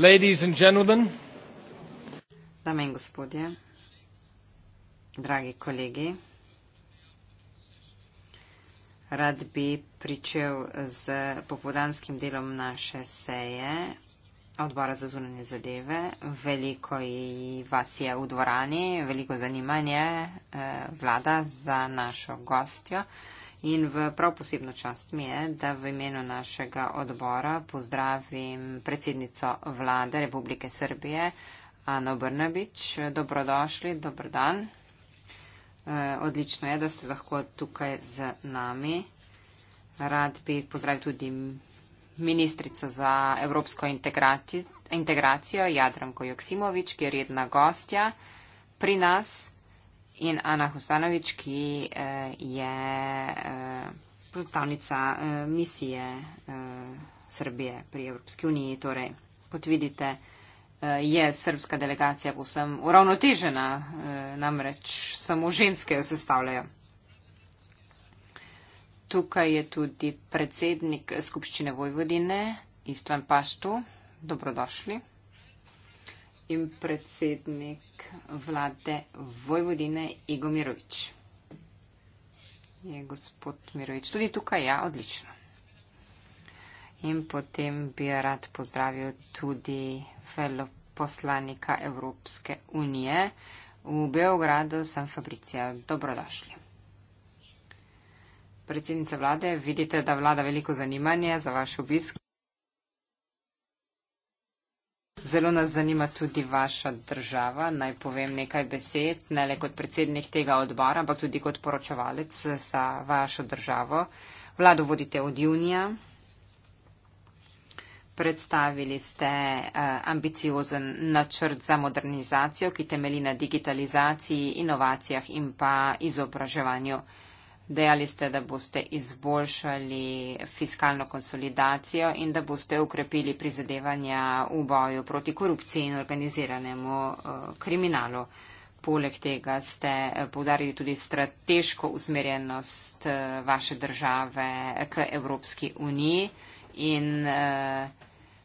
Ladies and gentlemen. Dame in gospodje, dragi kolegi. Rad bi pričel z popodanskim delom naše seje odbora za zunanje zadeve. Veliko vas je v dvorani, veliko zanimanje eh, vlada za našo gostjo. In v prav posebno čast mi je, da v imenu našega odbora pozdravim predsednico vlade Republike Srbije, Ano Brnabič. Dobrodošli, dobrodan. E, odlično je, da ste lahko tukaj z nami. Rad bi pozdravil tudi ministrico za evropsko integracijo Jadranko Joksimovič, ki je redna gostja pri nas in Ana Husanovič, ki eh, je eh, predstavnica eh, misije Srbije pri Evropski uniji. Torej, kot vidite, je srbska delegacija povsem uravnotežena, namreč samo ženske jo sestavljajo. Tukaj je tudi predsednik skupščine Vojvodine, Istvan Paštu. Dobrodošli in predsednik vlade Vojvodine Igo Mirovič. Je gospod Mirovič tudi tukaj? Ja, odlično. In potem bi rad pozdravil tudi veloposlanika Evropske unije v Beogradu, San Fabricija. Dobrodošli. Predsednica vlade, vidite, da vlada veliko zanimanje za vaš obisk. Zelo nas zanima tudi vaša država. Naj povem nekaj besed, ne le kot predsednik tega odbora, ampak tudi kot poročevalec za vašo državo. Vlado vodite od junija. Predstavili ste eh, ambiciozen načrt za modernizacijo, ki temeli na digitalizaciji, inovacijah in pa izobraževanju. Dejali ste, da boste izboljšali fiskalno konsolidacijo in da boste ukrepili prizadevanja v boju proti korupciji in organiziranemu eh, kriminalu. Poleg tega ste eh, povdarili tudi strateško usmerjenost eh, vaše države k Evropski uniji in eh,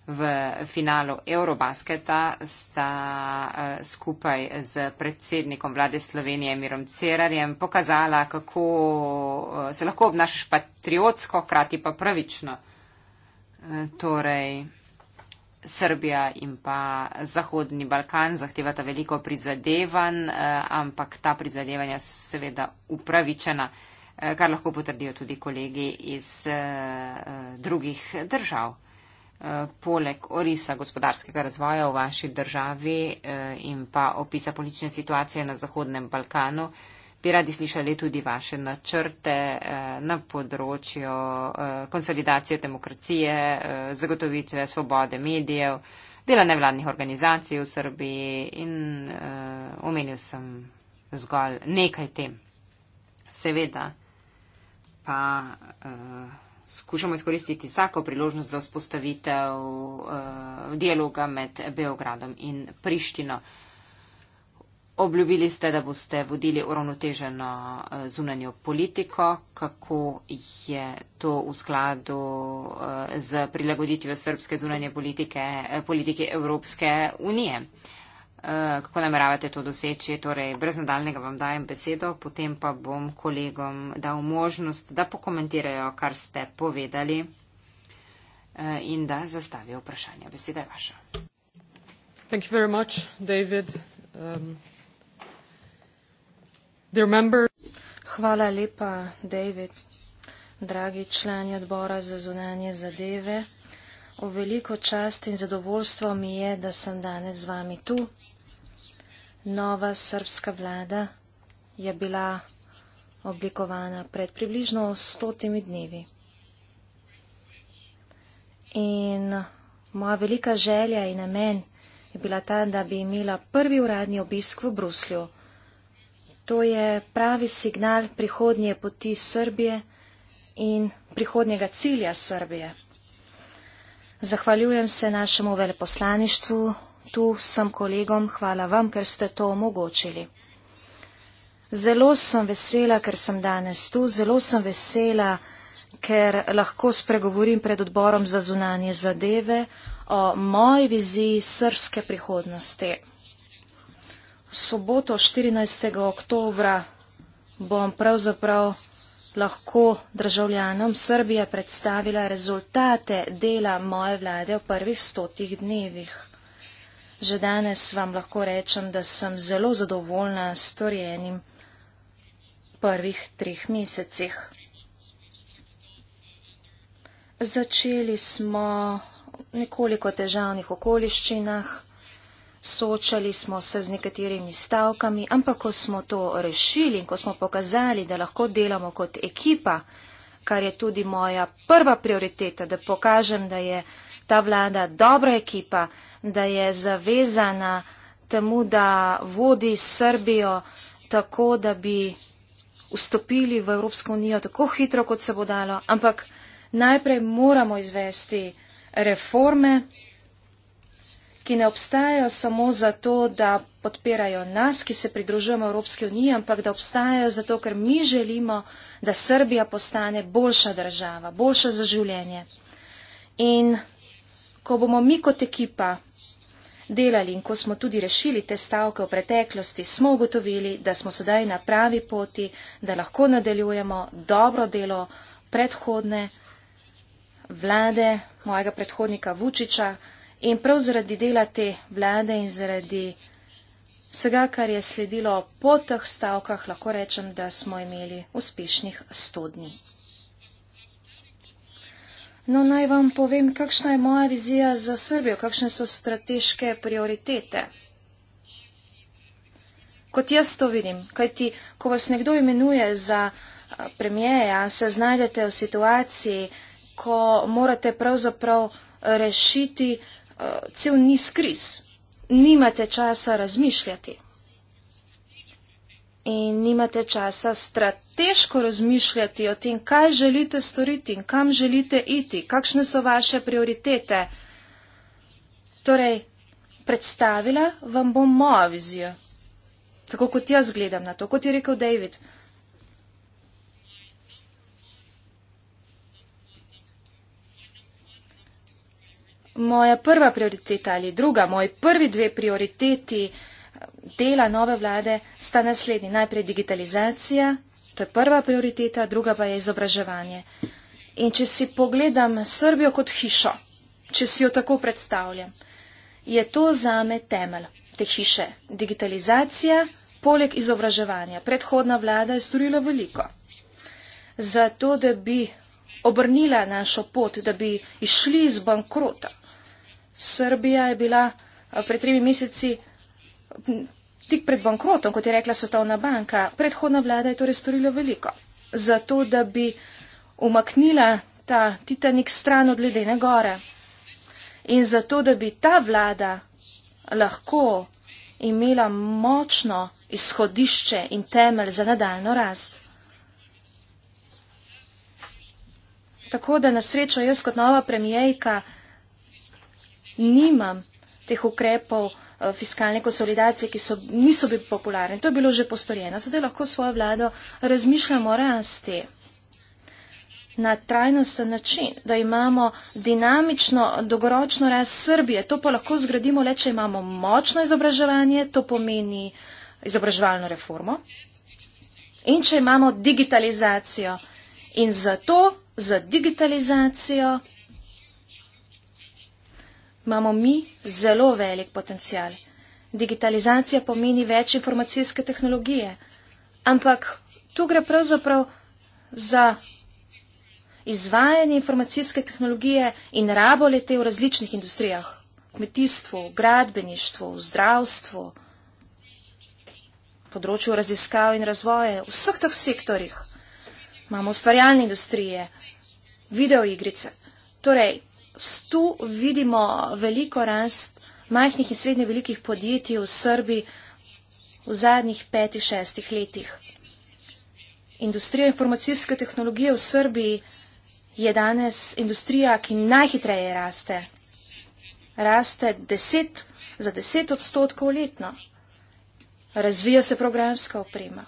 v finalu Eurobasketa sta eh, skupaj z predsednikom vlade Slovenije Mirom Cerarjem pokazala, kako eh, se lahko obnašaš patriotsko, krati pa pravično. Eh, torej, Srbija in pa Zahodni Balkan zahtevata veliko prizadevanj, ampak ta prizadevanja so seveda upravičena, kar lahko potrdijo tudi kolegi iz drugih držav. Eh, poleg orisa gospodarskega razvoja v vaši državi eh, in pa opisa politične situacije na Zahodnem Balkanu, bi radi slišali tudi vaše načrte eh, na področju konsolidacije demokracije, zagotovitve svobode medijev, dela nevladnih organizacij v Srbiji in omenil sem zgolj nekaj tem. Seveda pa. Uh, skušamo izkoristiti vsako priložnost za vzpostavitev uh, dialoga med Beogradom in Prištino. Obljubili ste, da boste vodili uravnoteženo uh, zunanjo politiko, kako je to v skladu uh, eh, z prilagoditvijo srpske zunanje politike, politike Evropske unije. Uh, Eh, kako nameravate to doseči. Torej, brez nadaljnega vam dajem besedo, potem pa bom kolegom dal možnost, da pokomentirajo, kar ste povedali eh, in da zastavijo vprašanje. Beseda je vaša. Um, Hvala lepa, David, dragi člani odbora za zunanje zadeve. O veliko čast in zadovoljstvo mi je, da sem danes z vami tu Nova srpska vlada je bila oblikovana pred približno stotimi dnevi. In moja velika želja in namen je bila ta, da bi imela prvi uradni obisk v Bruslju. To je pravi signal prihodnje poti Srbije in prihodnjega cilja Srbije. Zahvaljujem se našemu veleposlaništvu svetu, vsem kolegom, hvala vam, ker ste to omogočili. Zelo sem vesela, ker sem danes tu, zelo sem vesela, ker lahko spregovorim pred odborom za zunanje zadeve o moji viziji srpske prihodnosti. V soboto 14. oktobra bom pravzaprav lahko državljanom Srbije predstavila rezultate dela moje vlade v prvih stotih dnevih. Že danes vam lahko rečem, da sem zelo zadovoljna s torjenim prvih treh mesecih. Začeli smo v nekoliko težavnih okoliščinah, soočali smo se z nekaterimi stavkami, ampak ko smo to rešili in ko smo pokazali, da lahko delamo kot ekipa, kar je tudi moja prva prioriteta, da pokažem, da je ta vlada dobra ekipa, da je zavezana temu, da vodi Srbijo tako, da bi vstopili v Evropsko unijo tako hitro, kot se bo dalo. Ampak najprej moramo izvesti reforme, ki ne obstajajo samo zato, da podpirajo nas, ki se pridružujemo Evropske unije, ampak da obstajajo zato, ker mi želimo, da Srbija postane boljša država, boljša za življenje. In ko bomo mi kot ekipa delali in ko smo tudi rešili te stavke v preteklosti, smo ugotovili, da smo sedaj na pravi poti, da lahko nadaljujemo dobro delo predhodne vlade, mojega predhodnika Vučiča in prav zaradi dela te vlade in zaradi vsega, kar je sledilo po teh stavkah, lahko rečem, da smo imeli uspešnih sto dni. No, naj vam povem, kakšna je moja vizija za Srbijo, kakšne so strateške prioritete. Kot jaz to vidim, kajti, ko vas nekdo imenuje za premijeja, se znajdete v situaciji, ko morate pravzaprav rešiti cel niz kriz. Nimate časa razmišljati in nimate časa strateško razmišljati o tem, kaj želite storiti in kam želite iti, kakšne so vaše prioritete. Torej, predstavila vam bom mojo vizijo, tako kot jaz gledam na to, kot je rekel David. Moja prva prioriteta ali druga, moji prvi dve prioriteti, dela nove vlade sta naslednji. Najprej digitalizacija, to je prva prioriteta, druga pa je izobraževanje. In če si pogledam Srbijo kot hišo, če si jo tako predstavljam, je to zame temelj te hiše. Digitalizacija poleg izobraževanja. Predhodna vlada je storila veliko. Zato, da bi obrnila našo pot, da bi išli iz bankrota. Srbija je bila eh, pred tremi meseci tik pred bankrotom, kot je rekla Svetovna banka, predhodna vlada je torej storila veliko. Zato, da bi umaknila ta Titanik stran od ledene gore. In zato, da bi ta vlada lahko imela močno izhodišče in temelj za nadaljno rast. Tako da na srečo jaz kot nova premijejka nimam teh ukrepov, Eh, fiskalne konsolidacije, ki so, niso bili popularne. To je bilo že postorjeno. Zdaj lahko svojo vlado razmišljamo rasti na trajnosten način, da imamo dinamično, dolgoročno raz Srbije. To pa lahko zgradimo le, če imamo močno izobraževanje, to pomeni izobraževalno reformo in če imamo digitalizacijo. In zato za digitalizacijo imamo mi zelo velik potencial. Digitalizacija pomeni več informacijske tehnologije, ampak tu gre pravzaprav za izvajanje informacijske tehnologije in rabo lete v različnih industrijah. Kmetijstvo, gradbeništvo, zdravstvo, področju raziskav in razvoja, v vseh teh sektorjih imamo ustvarjalne industrije, videoigrice. Torej, tu vidimo veliko rast majhnih in srednje velikih podjetij v Srbiji v zadnjih petih, šestih letih. Industrija informacijske tehnologije v Srbiji je danes industrija, ki najhitreje raste. Raste deset, za deset odstotkov letno. Razvija se programska oprema.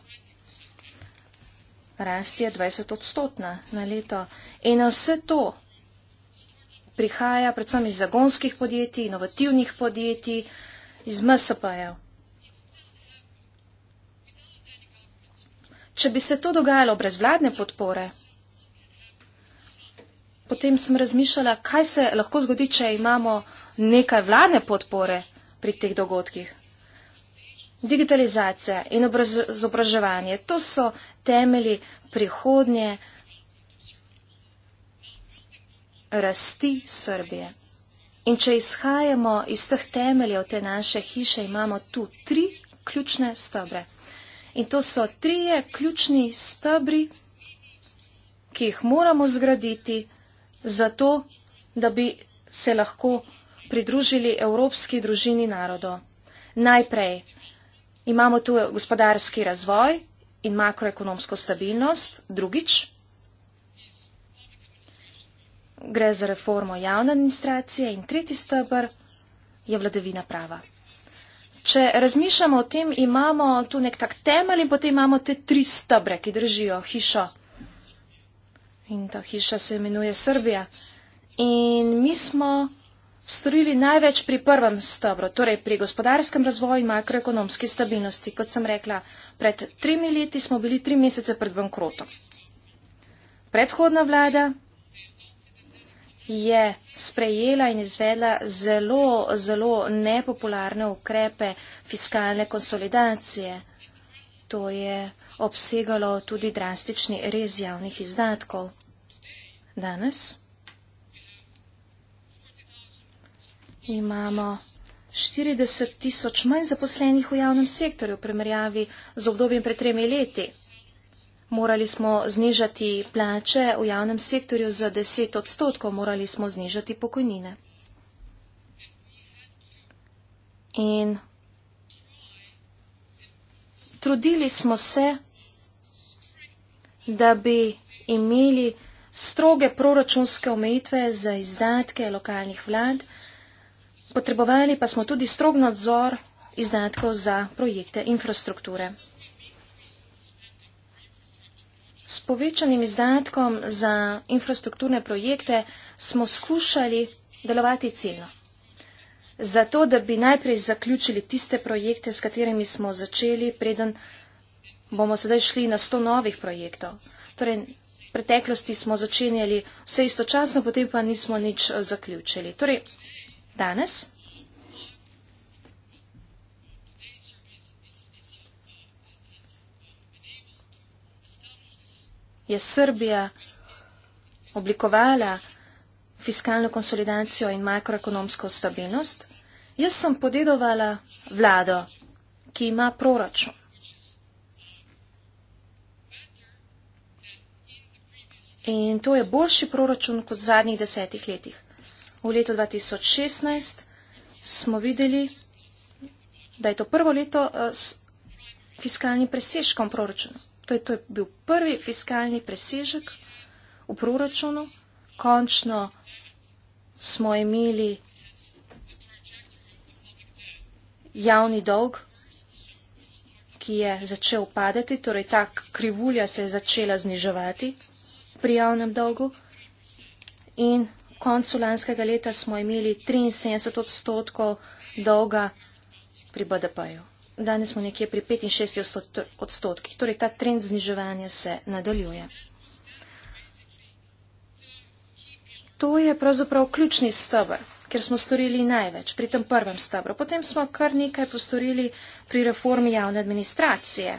Rast je 20 odstotna na leto. In na vse to prihaja predvsem iz zagonskih podjetij, inovativnih podjetij, iz MSP-jev. Če bi se to dogajalo brez vladne podpore, potem sem razmišljala, kaj se lahko zgodi, če imamo nekaj vladne podpore pri teh dogodkih. Digitalizacija in izobraževanje, to so temeli prihodnje rasti Srbije. In če izhajamo iz teh temeljev te naše hiše, imamo tu tri ključne stebre. In to so trije ključni stebri, ki jih moramo zgraditi, zato da bi se lahko pridružili evropski družini narodov. Najprej imamo tu gospodarski razvoj in makroekonomsko stabilnost, drugič gre za reformo javne administracije in tretji stebr je vladavina prava. Če razmišljamo o tem, imamo tu nek tak temelj in potem imamo te tri stebre, ki držijo hišo. In ta hiša se imenuje Srbija. In mi smo storili največ pri prvem stebru, torej pri gospodarskem razvoju in makroekonomski stabilnosti. Kot sem rekla, pred tremi leti smo bili tri mesece pred bankrotom. Predhodna vlada je sprejela in izvedla zelo, zelo nepopularne ukrepe fiskalne konsolidacije. To je obsegalo tudi drastični rez javnih izdatkov. Danes imamo 40 tisoč manj zaposlenih v javnem sektorju v primerjavi z obdobjem pred tremi leti. Morali smo znižati plače v javnem sektorju za 10 odstotkov, morali smo znižati pokojnine. In trudili smo se, da bi imeli stroge proračunske omejitve za izdatke lokalnih vlad, potrebovali pa smo tudi strog nadzor izdatkov za projekte infrastrukture. S povečanim izdatkom za infrastrukturne projekte smo skušali delovati ciljno. Zato, da bi najprej zaključili tiste projekte, s katerimi smo začeli, preden bomo sedaj šli na sto novih projektov. Torej, v preteklosti smo začenjali vse istočasno, potem pa nismo nič eh, zaključili. Torej, danes je Srbija oblikovala fiskalno konsolidacijo in makroekonomsko stabilnost, jaz sem podedovala vlado, ki ima proračun. In to je boljši proračun kot v zadnjih desetih letih. V letu 2016 smo videli, da je to prvo leto eh, s fiskalnim presežkom proračuna. To je, to je bil prvi fiskalni presežek v proračunu. Končno smo imeli javni dolg, ki je začel padati, torej ta krivulja se je začela zniževati pri javnem dolgu. In koncu lanskega leta smo imeli 73 odstotkov dolga pri BDP-ju danes smo nekje pri 65 odstotkih. Torej, ta trend zniževanja se nadaljuje. To je pravzaprav ključni stavr, ker smo storili največ pri tem prvem stavru. Potem smo kar nekaj postorili pri reformi javne administracije.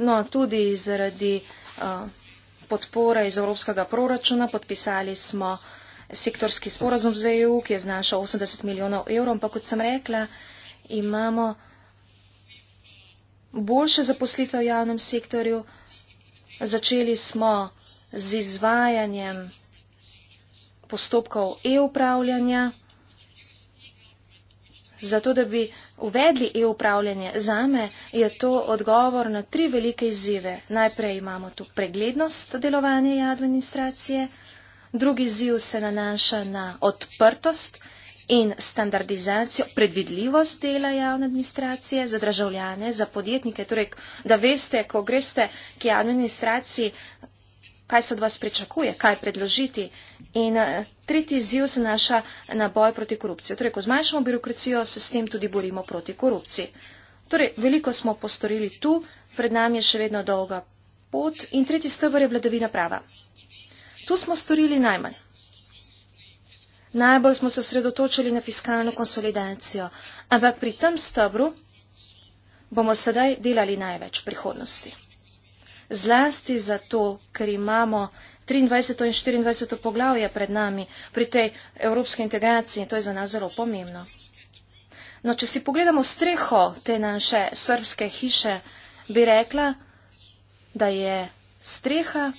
No, tudi zaradi uh, podpore iz evropskega proračuna podpisali smo uh, sektorski sporazum z EU, ki je znašal 80 milijonov evrov, ampak kot sem rekla, imamo boljše zaposlitve v javnem sektorju. Začeli smo z izvajanjem postopkov e-upravljanja, zato da bi uvedli e-upravljanje zame, je to odgovor na tri velike izzive. Najprej imamo tu preglednost delovanja administracije, drugi ziv se nanaša na odprtost in standardizacijo, predvidljivost dela javne administracije za državljane, za podjetnike, torej da veste, ko greste k administraciji, kaj se od vas pričakuje, kaj predložiti. In eh, tretji ziv se naša na boj proti korupciji. Torej, ko zmanjšamo birokracijo, se s tem tudi borimo proti korupciji. Torej, veliko smo postorili tu, pred nami je še vedno dolga pot. In tretji stebr je vladavina prava. Tu smo storili najmanj. Najbolj smo se osredotočili na fiskalno konsolidacijo, ampak pri tem stebru bomo sedaj delali največ v prihodnosti. Zlasti zato, ker imamo 23. in 24. poglavje pred nami pri tej evropske integraciji in to je za nas zelo pomembno. No, če si pogledamo streho te naše srpske hiše, bi rekla, da je streha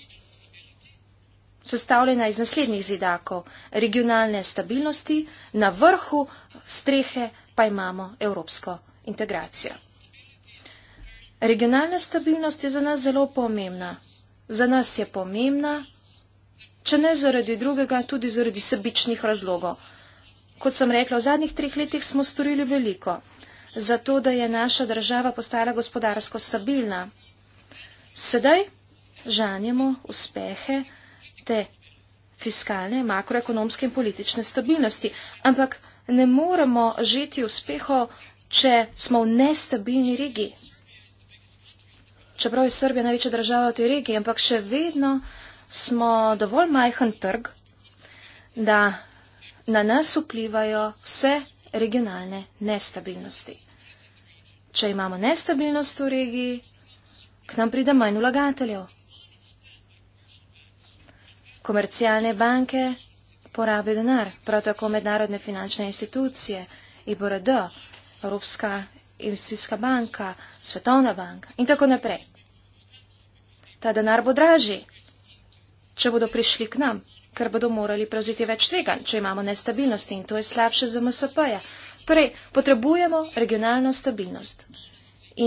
sestavljena iz naslednjih zidakov regionalne stabilnosti, na vrhu strehe pa imamo evropsko integracijo. Regionalna stabilnost je za nas zelo pomembna. Za nas je pomembna, če ne zaradi drugega, tudi zaradi sebičnih razlogov. Kot sem rekla, v zadnjih treh letih smo storili veliko, zato da je naša država postala gospodarsko stabilna. Sedaj žanjemo uspehe, načrte fiskalne, makroekonomske in politične stabilnosti. Ampak ne moremo žeti uspeho, če smo v nestabilni regiji. Čeprav je Srbija največja država v tej regiji, ampak še vedno smo dovolj majhen trg, da na nas vplivajo vse regionalne nestabilnosti. Če imamo nestabilnost v regiji, k nam pride manj vlagateljev komercialne banke porabijo denar, prav tako mednarodne finančne institucije, IBRD, Evropska investicijska banka, Svetovna banka in tako naprej. Ta denar bo dražji, če bodo prišli k nam, ker bodo morali prevzeti več tvega, če imamo nestabilnosti in to je slabše za MSP-je. Torej, potrebujemo regionalno stabilnost.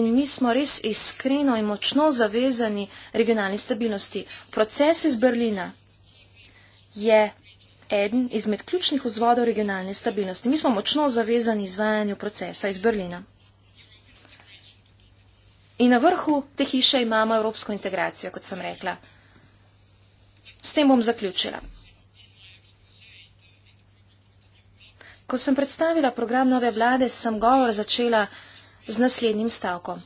In mi smo res iskreno in močno zavezani regionalni stabilnosti. Proces iz Berlina je eden izmed ključnih vzvodov regionalne stabilnosti. Mi smo močno zavezani izvajanju procesa iz Berlina. In na vrhu te hiše imamo evropsko integracijo, kot sem rekla. S tem bom zaključila. Ko sem predstavila program nove vlade, sem govor začela z naslednjim stavkom.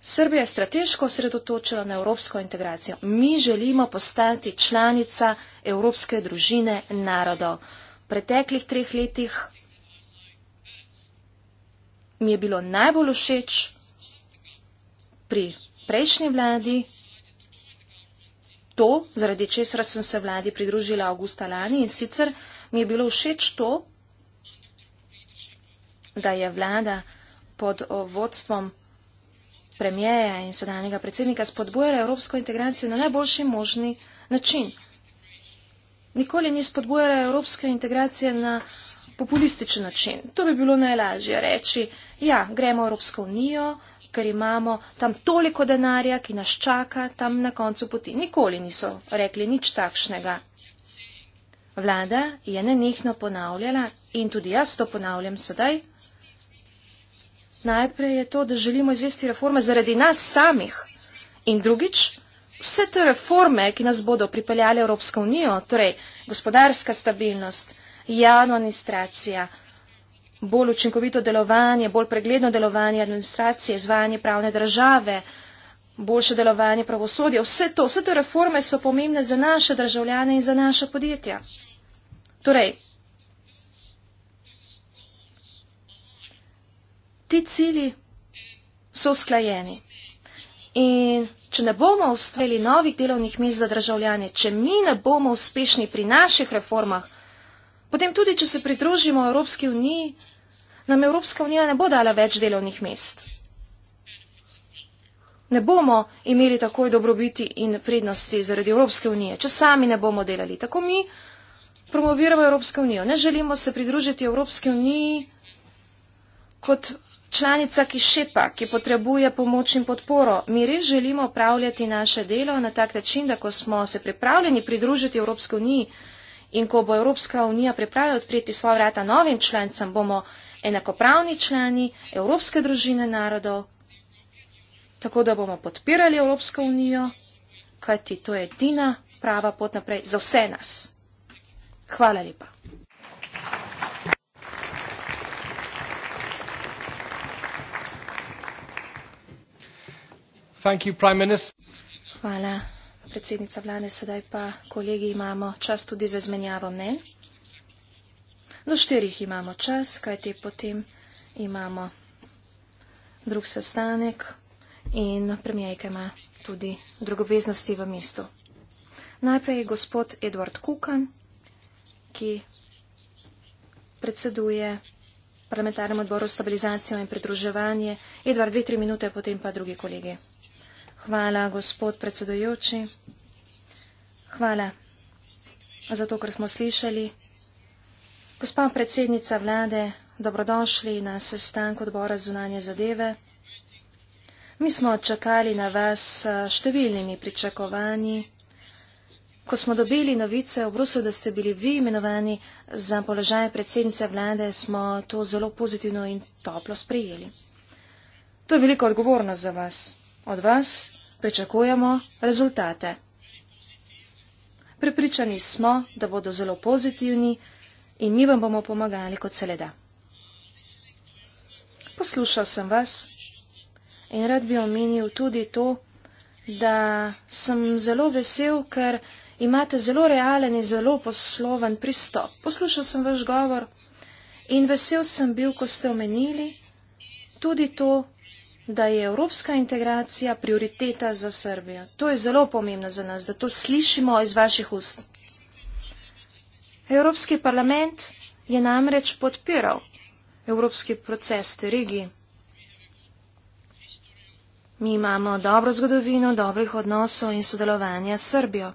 Srbija je strateško osredotočena na evropsko integracijo. Mi želimo postati članica evropske družine narodov. V preteklih treh letih mi je bilo najbolj všeč pri prejšnji vladi to, zaradi česar sem se vladi pridružila avgusta lani in sicer mi je bilo všeč to, da je vlada pod vodstvom premijeja in sedanjega predsednika spodbujala evropsko integracijo na najboljši možni način. Nikoli ni spodbujala evropske integracije na populističen način. To bi bilo najlažje reči, ja, gremo v Evropsko unijo, ker imamo tam toliko denarja, ki nas čaka tam na koncu poti. Nikoli niso rekli nič takšnega. Vlada je nenehno ponavljala in tudi jaz to ponavljam sedaj. Najprej je to, da želimo izvesti reforme zaradi nas samih. In drugič, vse te reforme, ki nas bodo pripeljali Evropsko unijo, torej gospodarska stabilnost, javna administracija, bolj učinkovito delovanje, bolj pregledno delovanje administracije, izvajanje pravne države, boljše delovanje pravosodja, vse, to, vse te reforme so pomembne za naše državljane in za naše podjetja. Torej, ti cili so usklajeni. In če ne bomo ustvarili novih delovnih mest za državljane, če mi ne bomo uspešni pri naših reformah, potem tudi, če se pridružimo Evropski uniji, nam Evropska unija ne bo dala več delovnih mest. Ne bomo imeli takoj dobrobiti in prednosti zaradi Evropske unije, če sami ne bomo delali. Tako mi promoviramo Evropsko unijo. Ne želimo se pridružiti Evropski uniji kot Članica Kišepa, ki potrebuje pomoč in podporo, mi res želimo upravljati naše delo na tak način, da ko smo se pripravljeni pridružiti Evropske unije in ko bo Evropska unija pripravljena odpreti svoja vrata novim člancem, bomo enakopravni člani Evropske družine narodov, tako da bomo podpirali Evropsko unijo, kajti to je edina prava pot naprej za vse nas. Hvala lepa. Hvala, predsednica vlade. Sedaj pa, kolegi, imamo čas tudi za izmenjavo mnen. Do štirih imamo čas, kajte potem imamo drug sestanek in premijejka ima tudi drugobeznosti v mestu. Najprej je gospod Edward Kukan, ki predseduje parlamentarnem odboru stabilizacijo in pridruževanje. Edward, dve, tri minute, potem pa drugi kolegi. Hvala, gospod predsedujoči. Hvala za to, kar smo slišali. Gospa predsednica vlade, dobrodošli na sestank odbora zunanje zadeve. Mi smo čakali na vas številnimi pričakovanji. Ko smo dobili novice v Bruslu, da ste bili vi imenovani za položaj predsednice vlade, smo to zelo pozitivno in toplo sprejeli. To je velika odgovornost za vas od vas pričakujemo rezultate. Pripričani smo, da bodo zelo pozitivni in mi vam bomo pomagali kot se le da. Poslušal sem vas in rad bi omenil tudi to, da sem zelo vesel, ker imate zelo realen in zelo posloven pristop. Poslušal sem vaš govor in vesel sem bil, ko ste omenili tudi to, da je evropska integracija prioriteta za Srbijo. To je zelo pomembno za nas, da to slišimo iz vaših ust. Evropski parlament je namreč podpiral evropski proces te regiji. Mi imamo dobro zgodovino, dobrih odnosov in sodelovanja s Srbijo.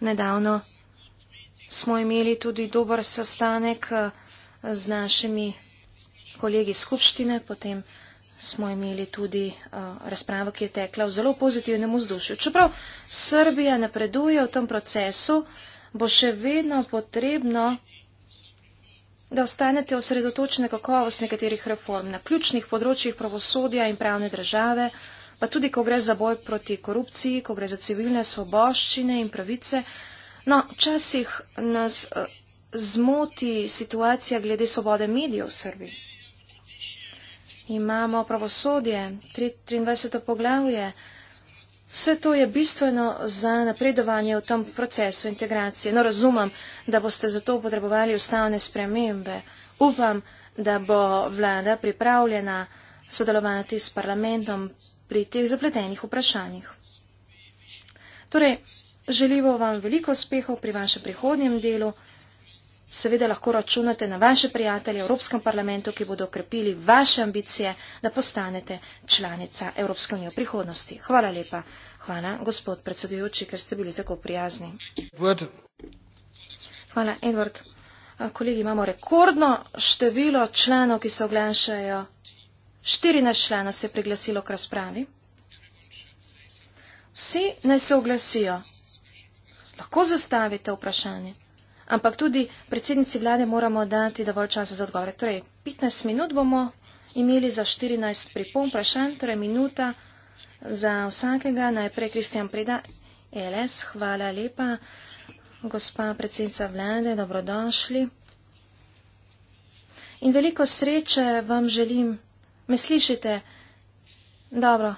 Nedavno smo imeli tudi dober sestanek eh, z našimi kolegi skupštine, potem smo imeli tudi uh, razpravo, ki je tekla v zelo pozitivnem vzdušju. Čeprav Srbija napreduje v tem procesu, bo še vedno potrebno, da ostanete osredotočeni na kakovost nekaterih reform na ključnih področjih pravosodja in pravne države, pa tudi, ko gre za boj proti korupciji, ko gre za civilne svoboščine in pravice. No, včasih nas uh, zmoti situacija glede svobode medijev v Srbiji imamo pravosodje, 23. poglavje. Vse to je bistveno za napredovanje v tem procesu integracije. No, razumem, da boste zato potrebovali ustavne spremembe. Upam, da bo vlada pripravljena sodelovati s parlamentom pri teh zapletenih vprašanjih. Torej, želimo vam veliko uspehov pri vašem prihodnjem delu seveda lahko računate na vaše prijatelje v Evropskem parlamentu, ki bodo okrepili vaše ambicije, da postanete članica Evropske unije v prihodnosti. Hvala lepa. Hvala, gospod predsedujoči, ker ste bili tako prijazni. Edward. Hvala, Edward. Kolegi, imamo rekordno število članov, ki se oglašajo. 14 članov se je priglasilo k razpravi. Vsi naj se oglasijo. Lahko zastavite vprašanje ampak tudi predsednici vlade moramo dati dovolj časa za odgovore. Torej, 15 minut bomo imeli za 14 pripomb vprašanj, torej minuta za vsakega. Najprej Kristjan Preda, e LS, hvala lepa. Gospa predsednica vlade, dobrodošli. In veliko sreče vam želim. Me slišite? Dobro.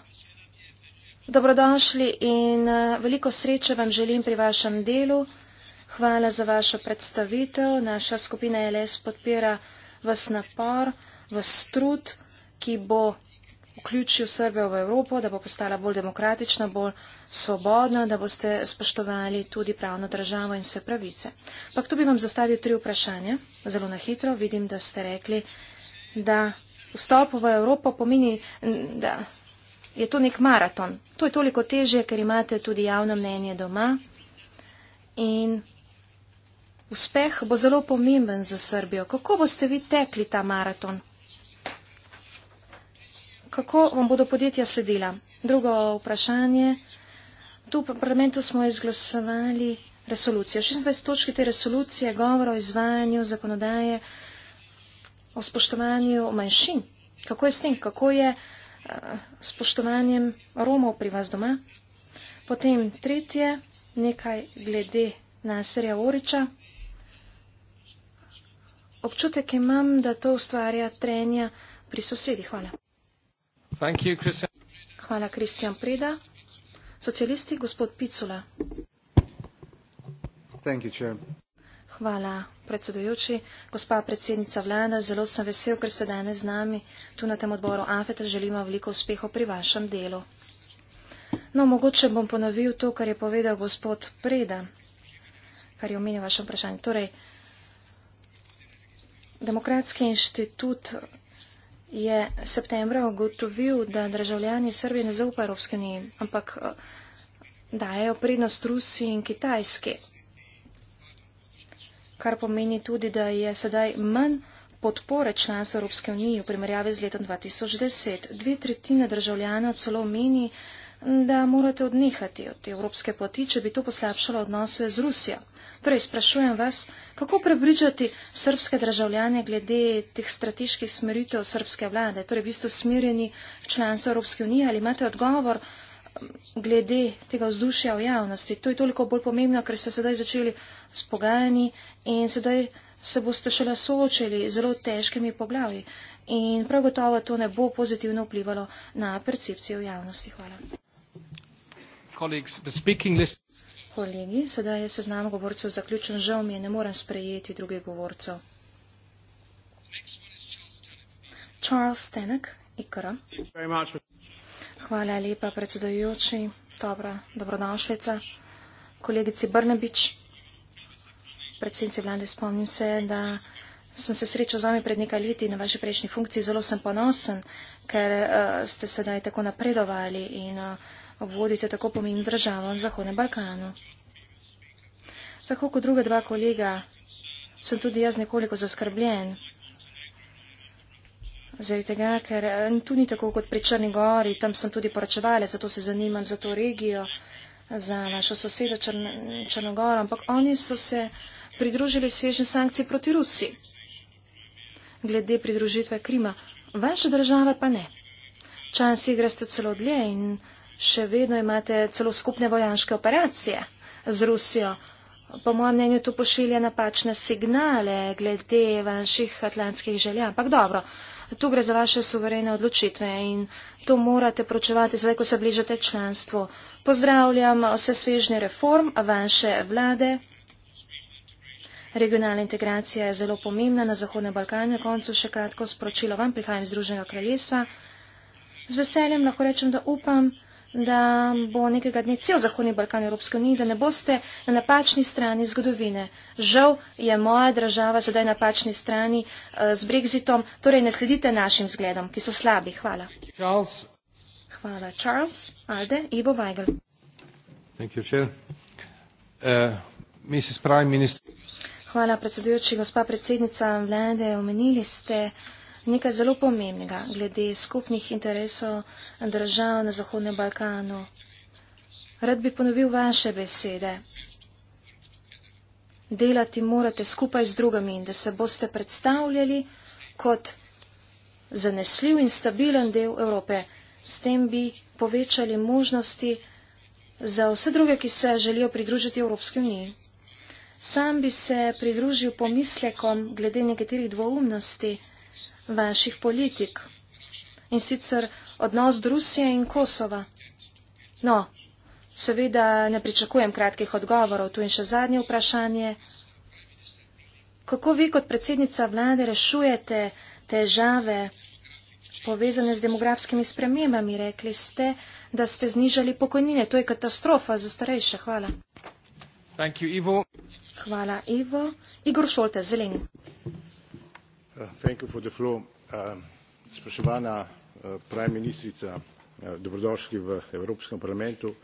Dobrodošli in eh, veliko sreče vam želim pri vašem delu. Hvala za vašo predstavitev. Naša skupina LS podpira vas napor, vas trud, ki bo vključil Srbijo v Evropo, da bo postala bolj demokratična, bolj svobodna, da boste spoštovali tudi pravno državo in se pravice. Pak tu bi vam zastavil tri vprašanja, zelo na hitro. Vidim, da ste rekli, da vstop v Evropo pomeni, da je to nek maraton. To je toliko težje, ker imate tudi javno mnenje doma. In Uspeh bo zelo pomemben za Srbijo. Kako boste vi tekli ta maraton? Kako vam bodo podjetja sledila? Drugo vprašanje. Tu v parlamentu smo izglasovali resolucijo. 26 točki te resolucije govor o izvajanju zakonodaje o spoštovanju manjšin. Kako je s tem? Kako je uh, spoštovanjem Romov pri vas doma? Potem tretje, nekaj glede Naserja Oriča občutek imam, da to ustvarja trenja pri sosedih. Hvala. You, Christian. Hvala, Kristjan Preda. Socialisti, gospod Picula. Hvala, predsedujoči. Gospa predsednica vlada, zelo sem vesel, ker ste danes z nami tu na tem odboru AFET-a. Želim vam veliko uspeha pri vašem delu. No, mogoče bom ponovil to, kar je povedal gospod Preda, kar je omenil vašem vprašanju. Torej, Demokratski inštitut je septembra ugotovil, da državljani Srbije ne zaupajo Evropski uniji, ampak eh, dajejo prednost Rusiji in Kitajski, kar pomeni tudi, da je sedaj manj podpore članstva Evropske unije v primerjavi z letom 2010. Dve tretjine državljana celo meni, da morate odnehati od Evropske poti, če bi to poslabšalo odnose z Rusijo. Torej, sprašujem vas, kako prepričati srpske državljane glede teh strateških smeritev srpske vlade? Torej, vi ste usmirjeni članstvo Evropske unije, ali imate odgovor um, glede tega vzdušja v javnosti? To je toliko bolj pomembno, ker ste sedaj začeli s pogajanji in sedaj se boste šele soočili z zelo težkimi poglavji. In prav gotovo to ne bo pozitivno vplivalo na percepcijo javnosti. Hvala kolegi, sedaj je seznam govorcev zaključen, žal mi je, ne morem sprejeti drugih govorcev. Charles Tenek, Ikra. Hvala lepa, predsedojoči, dobra, dobrodošlica. Kolegici Brnebič, predsednici vlade, spomnim se, da sem se srečal z vami pred nekaj leti na vaši prejšnji funkciji. Zelo sem ponosen, ker uh, ste sedaj tako napredovali in uh, vodite tako pomembno državo v Zahodnem Balkanu. Tako kot druga dva kolega, sem tudi jaz nekoliko zaskrbljen. Zaradi tega, ker eh, tu ni tako kot pri Črni gori, tam sem tudi poročevalec, zato se zanimam za to regijo, za našo sosedo Črnogoro, ampak oni so se pridružili svežne sankcije proti Rusi, glede pridružitve Krima. Vaša država pa ne. Čas igra ste celo dlje in še vedno imate celo skupne vojaške operacije z Rusijo po mojem mnenju to pošilja napačne signale glede vaših atlantskih želja. Ampak dobro, tu gre za vaše suverene odločitve in to morate pročevati, zdaj ko se bližate članstvu. Pozdravljam vse svežnje reform vaše vlade. Regionalna integracija je zelo pomembna na Zahodnem Balkanu. Na koncu še kratko sporočilo vam, prihajam iz Združenega kraljestva. Z veseljem lahko rečem, da upam, da bo nekega dne cel Zahodni Balkan Evropske unije, da ne boste na napačni strani zgodovine. Žal je moja država sedaj na napačni strani eh, z Brexitom, torej ne sledite našim zgledom, ki so slabi. Hvala. Charles. Hvala. Charles, Alde, Ivo Weigel. Eh, Hvala predsedujoči, gospa predsednica vlade, omenili ste nekaj zelo pomembnega glede skupnih interesov držav na Zahodnem Balkanu. Rad bi ponovil vaše besede. Delati morate skupaj z drugimi in da se boste predstavljali kot zanesljiv in stabilen del Evrope. S tem bi povečali možnosti za vse druge, ki se želijo pridružiti Evropski uniji. Sam bi se pridružil pomislekom glede nekaterih dvoumnosti, vaših politik. In sicer odnos do Rusije in Kosova. No, seveda ne pričakujem kratkih odgovorov. Tu in še zadnje vprašanje. Kako vi kot predsednica vlade rešujete težave povezane z demografskimi spremembami? Rekli ste, da ste znižali pokojnine. To je katastrofa za starejše. Hvala. Thank you, Ivo. Hvala, Ivo. Igor Šolte, zeleni. Uh, uh, spoštovana uh, prime ministrica dobrodošli v evropskem parlamentu.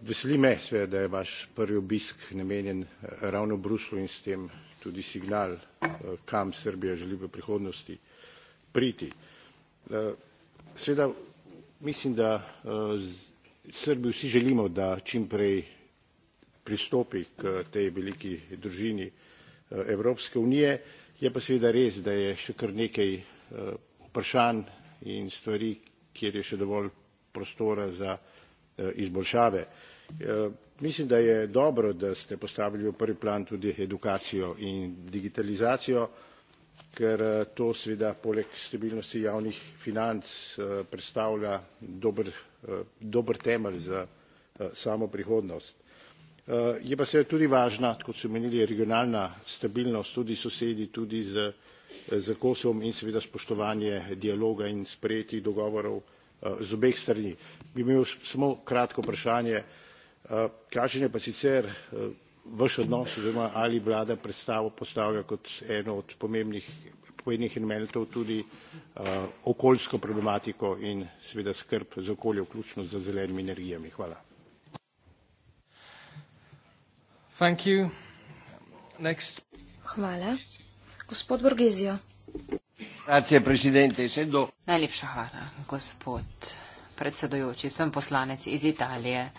veseli me seveda da je vaš prvi obisk namenjen ravno bruslju in s tem tudi signal kam srbija želi v prihodnosti priti. seveda mislim da srbi vsi želimo da čim prej pristopi k tej veliki družini evropske unije Je pa seveda res, da je še kar nekaj eh, vprašanj in stvari, kjer je še dovolj prostora za eh, izboljšave. Eh, mislim, da je dobro, da ste postavili v prvi plan tudi edukacijo in digitalizacijo, ker to seveda poleg stabilnosti javnih financ predstavlja dober, dober temelj za samo prihodnost je pa seveda tudi važna kot ste omenili regionalna stabilnost tudi sosedi tudi z, z kosovom in seveda spoštovanje dialoga in sprejetih dogovorov eh, z obeh strani. Bi imel samo kratko vprašanje, eh, kažen je pa sicer eh, vaš odnos oziroma ali vlada predstavo postavlja kot eno od pomembnih pojednih elementov tudi okoljsko problematiko in seveda skrb za okolje, vključno z zelenimi energijami. Hvala. Thank you. Next. Hvala. Gospod Borgezio. Grazie, presidente. Sendo... Najlepša hvala, gospod predsedujoči. Sem poslanec iz Italije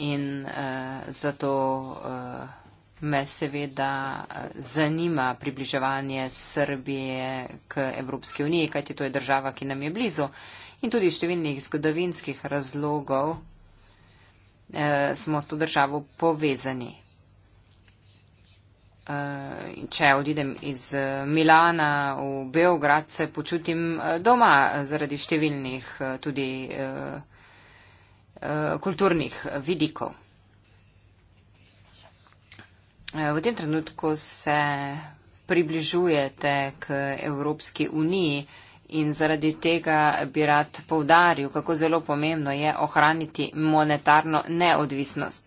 in uh, zato uh, me seveda eh, zanima približevanje Srbije k Evropski uniji, kajti to je država, ki nam je blizu. In tudi iz številnih zgodovinskih razlogov uh, smo s to državo povezani. Eh, če odidem iz eh, Milana v Beograd, se počutim eh, doma zaradi številnih tudi kulturnih vidikov. V tem trenutku se približujete k Evropski uniji in zaradi tega bi rad povdaril, kako zelo pomembno je ohraniti monetarno neodvisnost.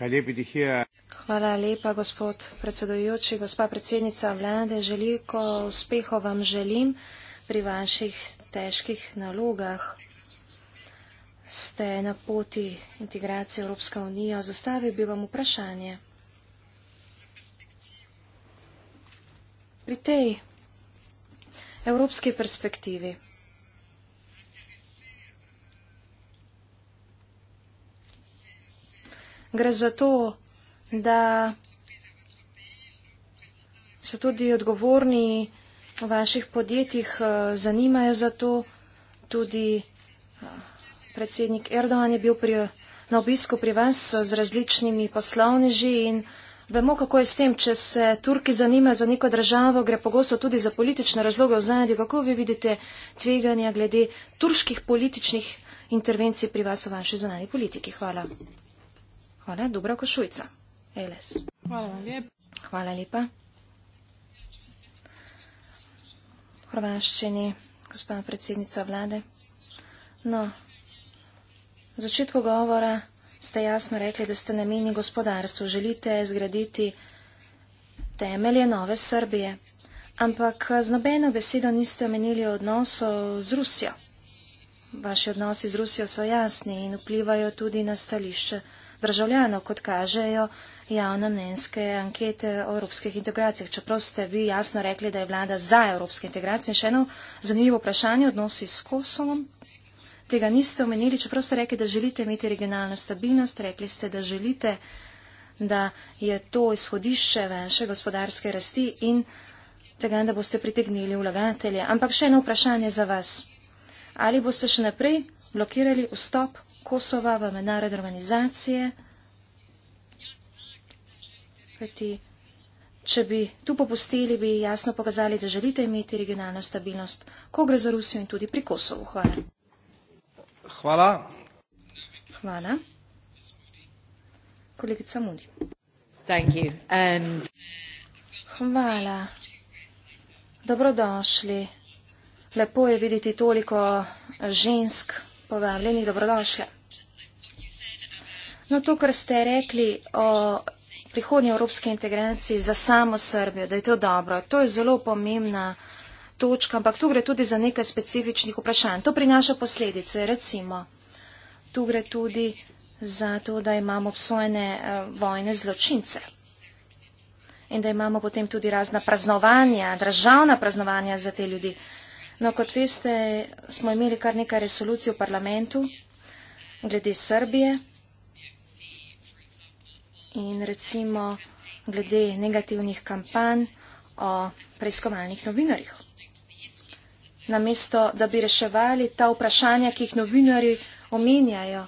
Hvala lepa, gospod predsedujoči, gospa predsednica vlade. Želiko uspeho vam želim pri vaših težkih nalogah. Ste na poti integracije Evropske unije. Zastavil bi vam vprašanje. Pri tej evropski perspektivi. gre za to, da se tudi odgovorni v vaših podjetjih eh, zanimajo za to. Tudi eh, predsednik Erdogan je bil pri, na obisku pri vas eh, z različnimi poslovneži in vemo, kako je s tem, če se Turki zanimajo za neko državo, gre pogosto tudi za politične razloge v zadju. Kako vi vidite tveganja glede turških političnih intervencij pri vas v vaši zunanji politiki? Hvala. Hvala, Dubravko Šujca, LS. Hvala vam lepa. Hvala lepa. Hrvaščini, gospa predsednica vlade. No, v začetku govora ste jasno rekli, da ste namenjeni gospodarstvu, želite zgraditi temelje nove Srbije, ampak z nobeno besedo niste omenili odnosov z Rusijo. Vaši odnosi z Rusijo so jasni in vplivajo tudi na stališče državljanov, kot kažejo javno mnenjske ankete o evropskih integracijah. Čeprav ste vi jasno rekli, da je vlada za evropske integracije. Še eno zanimivo vprašanje odnosi s Kosovom. Tega niste omenili, čeprav ste rekli, da želite imeti regionalno stabilnost, rekli ste, da želite, da je to izhodišče vaše gospodarske rasti in tega, da boste pritegnili vlagatelje. Ampak še eno vprašanje za vas. Ali boste še naprej blokirali vstop Kosova, v mednarodne organizacije. Kajti, če bi tu popustili, bi jasno pokazali, da želite imeti regionalno stabilnost, ko gre za Rusijo in tudi pri Kosovu. Hvala. Hvala. Hvala. Kolegica Mudi. Hvala. Dobrodošli. Lepo je videti toliko žensk povabljeni, dobrodošli. No to, kar ste rekli o prihodnji evropske integracije za samo Srbijo, da je to dobro, to je zelo pomembna točka, ampak tu gre tudi za nekaj specifičnih vprašanj. To prinaša posledice, recimo, tu gre tudi za to, da imamo obsojene eh, vojne zločince in da imamo potem tudi razna praznovanja, državna praznovanja za te ljudi. No, kot veste, smo imeli kar nekaj resolucij v parlamentu glede Srbije in recimo glede negativnih kampanj o preiskovalnih novinarjih. Namesto, da bi reševali ta vprašanja, ki jih novinari omenjajo,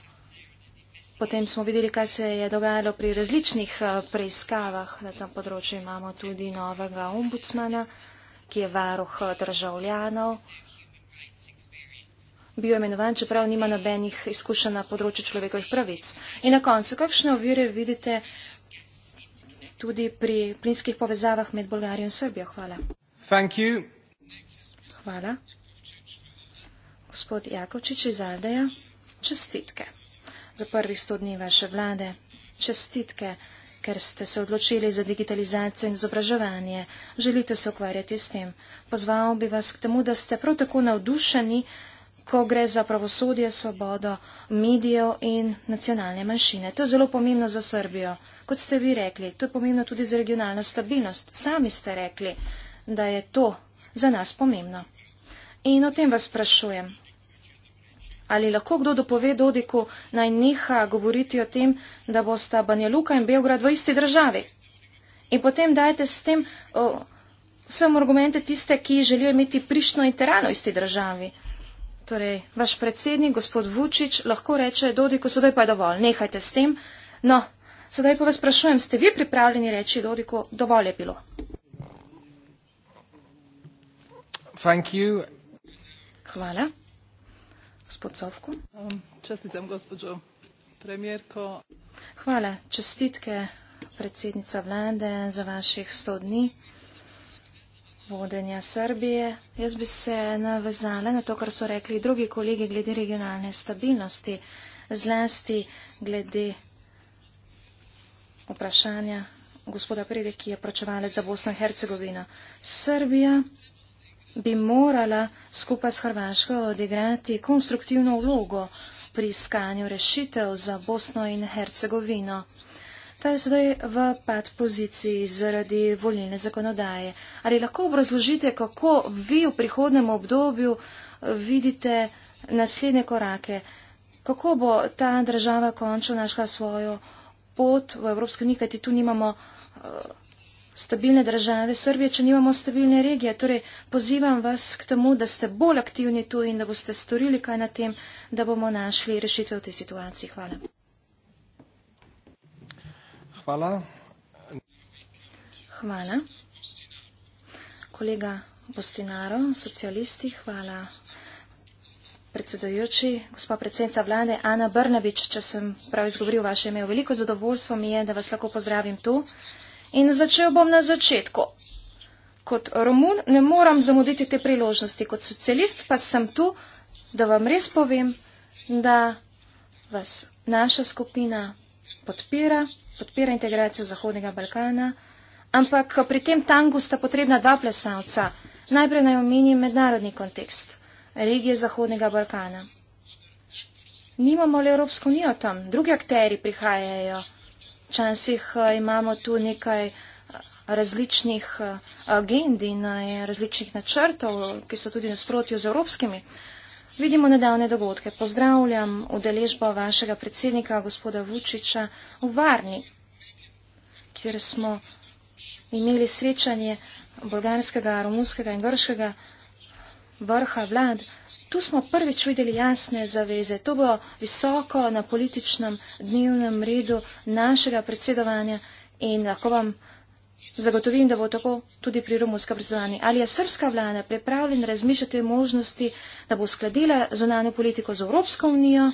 potem smo videli, kaj se je dogajalo pri različnih eh, preiskavah. Na tem področju imamo tudi novega ombudsmana ki je varuh eh, državljanov, bil imenovan, čeprav nima nobenih izkušenj na področju človekovih pravic. In na koncu, kakšne ovire vidite tudi pri plinskih povezavah med Bolgarijo in Srbijo? Hvala. Hvala. Gospod Jakovčič iz Aldeja, čestitke za prvih sto dni vaše vlade. Čestitke ker ste se odločili za digitalizacijo in izobraževanje, želite se ukvarjati s tem. Pozval bi vas k temu, da ste prav tako navdušeni, ko gre za pravosodje, svobodo, medijev in nacionalne manjšine. To je zelo pomembno za Srbijo, kot ste vi rekli. To je pomembno tudi za regionalno stabilnost. Sami ste rekli, da je to za nas pomembno. In o tem vas sprašujem ali lahko kdo dopove Dodiku naj neha govoriti o tem, da bosta Banja Luka in Beograd v isti državi. In potem dajte s tem o, vsem argumente tiste, ki želijo imeti prišno in terano isti državi. Torej, vaš predsednik, gospod Vučić, lahko reče Dodiku, sedaj pa je dovolj, nehajte s tem. No, sedaj pa vas sprašujem, ste vi pripravljeni reči Dodiku, dovolj je bilo? Thank you. Hvala gospod Sovko. Ehm, čestitam, gospođo premjerko. Hvala. Čestitke, predsednica vlade, za vaših sto dni vodenja Srbije. Jaz bi se navezala na to, kar so rekli drugi kolegi glede regionalne stabilnosti, zlasti glede vprašanja gospoda Prede, ki je pračevalec za Bosno in Hercegovino. Srbija bi morala skupaj s Hrvaško odigrati konstruktivno vlogo pri iskanju rešitev za Bosno in Hercegovino. Ta je zdaj v pad poziciji zaradi volilne zakonodaje. Ali lahko obrazložite, kako vi v prihodnem obdobju eh, vidite naslednje korake? Kako bo ta država končno našla svojo pot v Evropski uniji, kajti tu nimamo. Uh, stabilne države Srbije, če nimamo stabilne regije. Torej, pozivam vas k temu, da ste bolj aktivni tu in da boste storili kaj na tem, da bomo našli rešitve v tej situaciji. Hvala. Hvala. Hvala. Kolega Bostinaro, socialisti, hvala predsedojoči, gospod predsednica vlade Ana Brnabič, če sem prav izgovoril vaše ime. Veliko zadovoljstvo mi je, da vas lahko pozdravim tu. In začel bom na začetku. Kot Romun ne moram zamuditi te priložnosti, kot socialist pa sem tu, da vam res povem, da vas naša skupina podpira, podpira integracijo Zahodnega Balkana, ampak pri tem tangu sta potrebna dva plesalca. Najprej naj omenim mednarodni kontekst, regije Zahodnega Balkana. Nimamo le Evropsko unijo tam, drugi akteri prihajajo. Včasih eh, imamo tu nekaj eh, različnih eh, agend in različnih načrtov, ki so tudi nasprotju z evropskimi. Vidimo nedavne dogodke. Pozdravljam udeležbo vašega predsednika, gospoda Vučiča, v Varni, kjer smo imeli srečanje bolgarskega, romunskega in grškega vrha vlad. Tu smo prvič videli jasne zaveze. To bo visoko na političnem dnevnem redu našega predsedovanja in lahko vam zagotovim, da bo tako tudi pri romunskem predsedovanju. Ali je srska vlada pripravljena razmišljati o možnosti, da bo uskladila zunanjo politiko z Evropsko unijo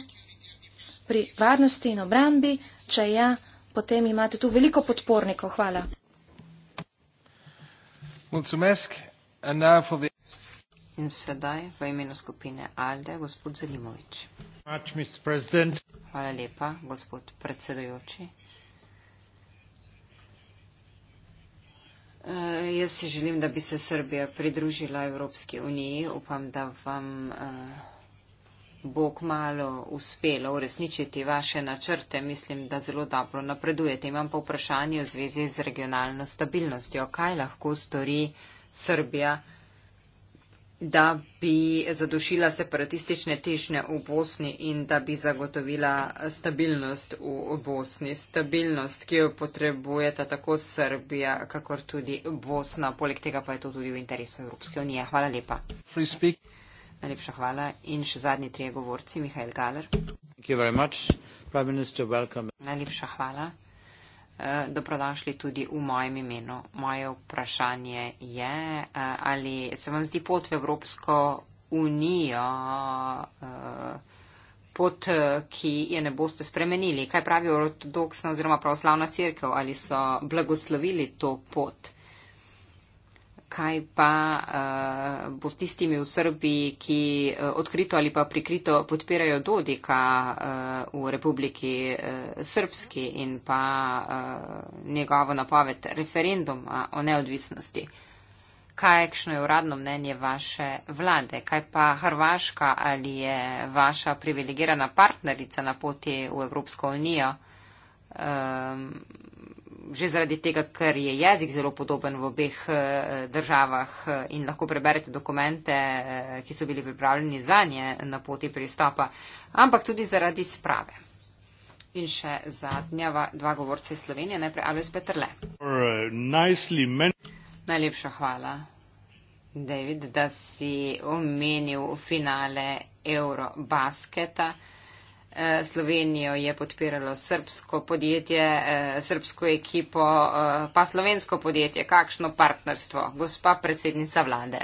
pri varnosti in obrambi? Če ja, potem imate tu veliko podpornikov. Hvala. Well, In sedaj v imenu skupine Alde, gospod Zelimovič. Much, Hvala lepa, gospod predsedujoči. Uh, jaz si želim, da bi se Srbija pridružila Evropski uniji. Upam, da vam uh, bo kmalo uspelo uresničiti vaše načrte. Mislim, da zelo dobro napredujete. Imam pa vprašanje v zvezi z regionalno stabilnostjo. Kaj lahko stori Srbija? da bi zadošila separatistične težnje v Bosni in da bi zagotovila stabilnost v Bosni. Stabilnost, ki jo potrebujeta tako Srbija, kakor tudi Bosna. Poleg tega pa je to tudi v interesu Evropske unije. Hvala lepa. Najlepša hvala. In še zadnji trije govorci, Mihajl Galer. Najlepša hvala. Eh, dobrodošli tudi v mojem imenu. Moje vprašanje je, eh, ali se vam zdi pot v Evropsko unijo, eh, pot, ki je ne boste spremenili. Kaj pravi ortodoksna oziroma pravoslavna crkva, ali so blagoslovili to pot? kaj pa uh, bo s tistimi v Srbiji, ki uh, odkrito ali pa prikrito podpirajo Dodika uh, v Republiki uh, Srbski in pa uh, njegovo napoved referenduma o neodvisnosti. Kakšno je uradno mnenje vaše vlade? Kaj pa Hrvaška ali je vaša privilegirana partnerica na poti v Evropsko unijo? Um, že zaradi tega, ker je jezik zelo podoben v obeh eh, državah eh, in lahko preberete dokumente, eh, ki so bili pripravljeni za nje na poti pristopa, ampak tudi zaradi sprave. In še zadnja dva govorca iz Slovenije, najprej Alves Petrle. Najlepša hvala, David, da si omenil finale Eurobasketa. Eh, Slovenijo je podpiralo srbsko podjetje, eh, srbsko ekipo, eh, pa slovensko podjetje. Kakšno partnerstvo, gospa predsednica vlade?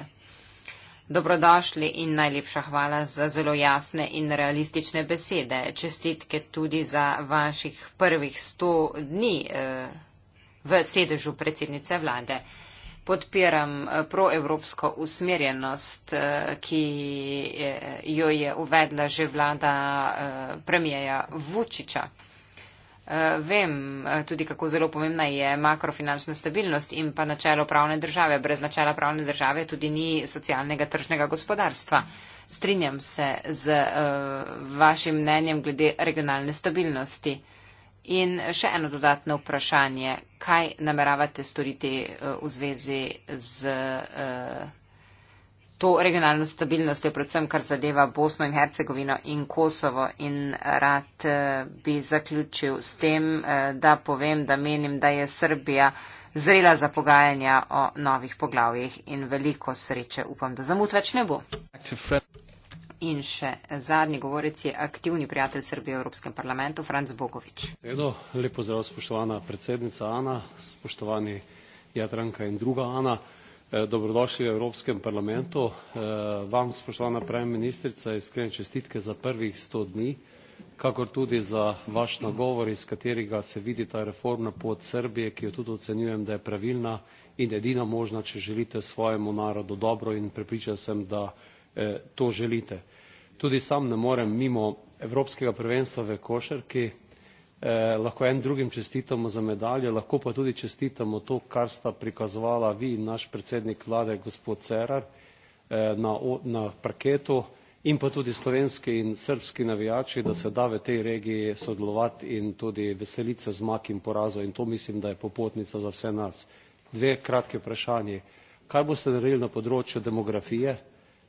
Dobrodošli in najlepša hvala za zelo jasne in realistične besede. Čestitke tudi za vaših prvih sto dni v sedežu predsednice vlade podpiram eh, proevropsko usmerjenost, eh, ki eh, jo je uvedla že vlada premijeja Vučiča. Vem tudi, kako zelo pomembna je makrofinančna stabilnost in pa načelo pravne države. Brez načela pravne države tudi ni socialnega tržnega gospodarstva. Strinjam se z uh, vašim mnenjem glede regionalne stabilnosti. Uh, In še eno dodatno vprašanje. Kaj nameravate storiti eh, v zvezi z eh, to regionalno stabilnostjo, predvsem kar zadeva Bosno in Hercegovino in Kosovo? In rad eh, bi zaključil s tem, da povem, da menim, da je Srbija zrela za pogajanja o novih poglavjih in veliko sreče upam, da zamud več ne bo. Active. In še zadnji govorec je aktivni prijatelj Srbije v Evropskem parlamentu, Franc Bogovič. Edo, lepo zdrav, spoštovana predsednica Ana, spoštovani Jadranka in druga Ana. E, dobrodošli v Evropskem parlamentu. E, vam, spoštovana prej ministrica, iskrene čestitke za prvih sto dni, kakor tudi za vaš nagovor, iz katerega se vidi ta reformna pot Srbije, ki jo tudi ocenjujem, da je pravilna in edina možna, če želite svojemu narodu dobro in prepričan sem, da e, to želite tudi sam ne morem mimo evropskega prvenstva v košarki eh, lahko en drugim čestitamo za medalje lahko pa tudi čestitamo to kar sta prikazovala vi in naš predsednik vlade gospod cerar eh, na, na parketu in pa tudi slovenski in srbski navijači da se da v tej regiji sodelovati in tudi veseliti se zmag in porazov in to mislim da je popotnica za vse nas dve kratki vprašanji kaj boste naredili na področju demografije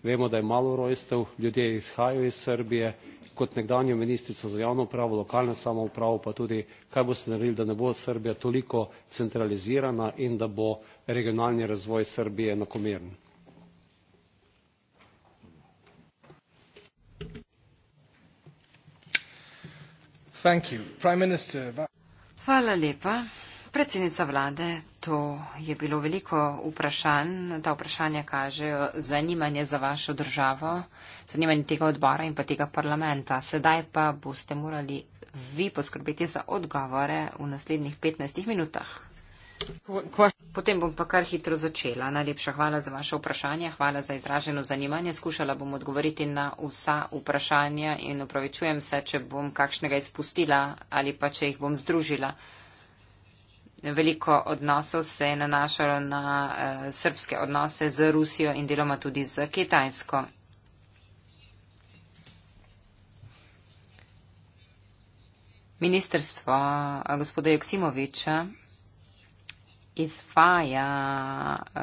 vemo da je malo rojstev ljudje izhajajo iz srbije kot nekdanja ministrica za javno upravo lokalno samoupravo pa tudi kaj boste naredili da ne bo srbija toliko centralizirana in da bo regionalni razvoj srbije enakomeren Hvala lepa. Predsednica vlade, To je bilo veliko vprašanj. Ta vprašanja kažejo zanimanje za vašo državo, zanimanje tega odbora in pa tega parlamenta. Sedaj pa boste morali vi poskrbeti za odgovore v naslednjih 15 minutah. Potem bom pa kar hitro začela. Najlepša hvala za vaše vprašanje, hvala za izraženo zanimanje. Skušala bom odgovoriti na vsa vprašanja in upravičujem se, če bom kakšnega izpustila ali pa če jih bom združila veliko odnosov se je nanašalo na uh, eh, srpske odnose z Rusijo in deloma tudi z Kitajsko. Ministrstvo eh, gospoda Joksimoviča izvaja uh,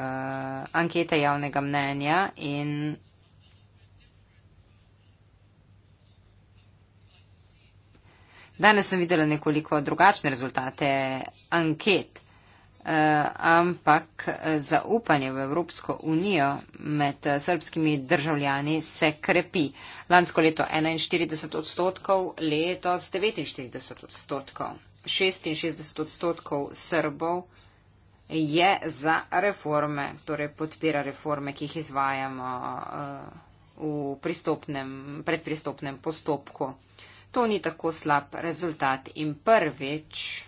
ankete javnega mnenja in Danes sem videla nekoliko drugačne rezultate anket, eh, ampak eh, zaupanje v Evropsko unijo med eh, srpskimi državljani se krepi. Lansko leto 41 odstotkov, letos 49 odstotkov. 66 odstotkov Srbov je za reforme, torej podpira reforme, ki jih izvajamo v pristopnem, predpristopnem postopku. To ni tako slab rezultat. In prvič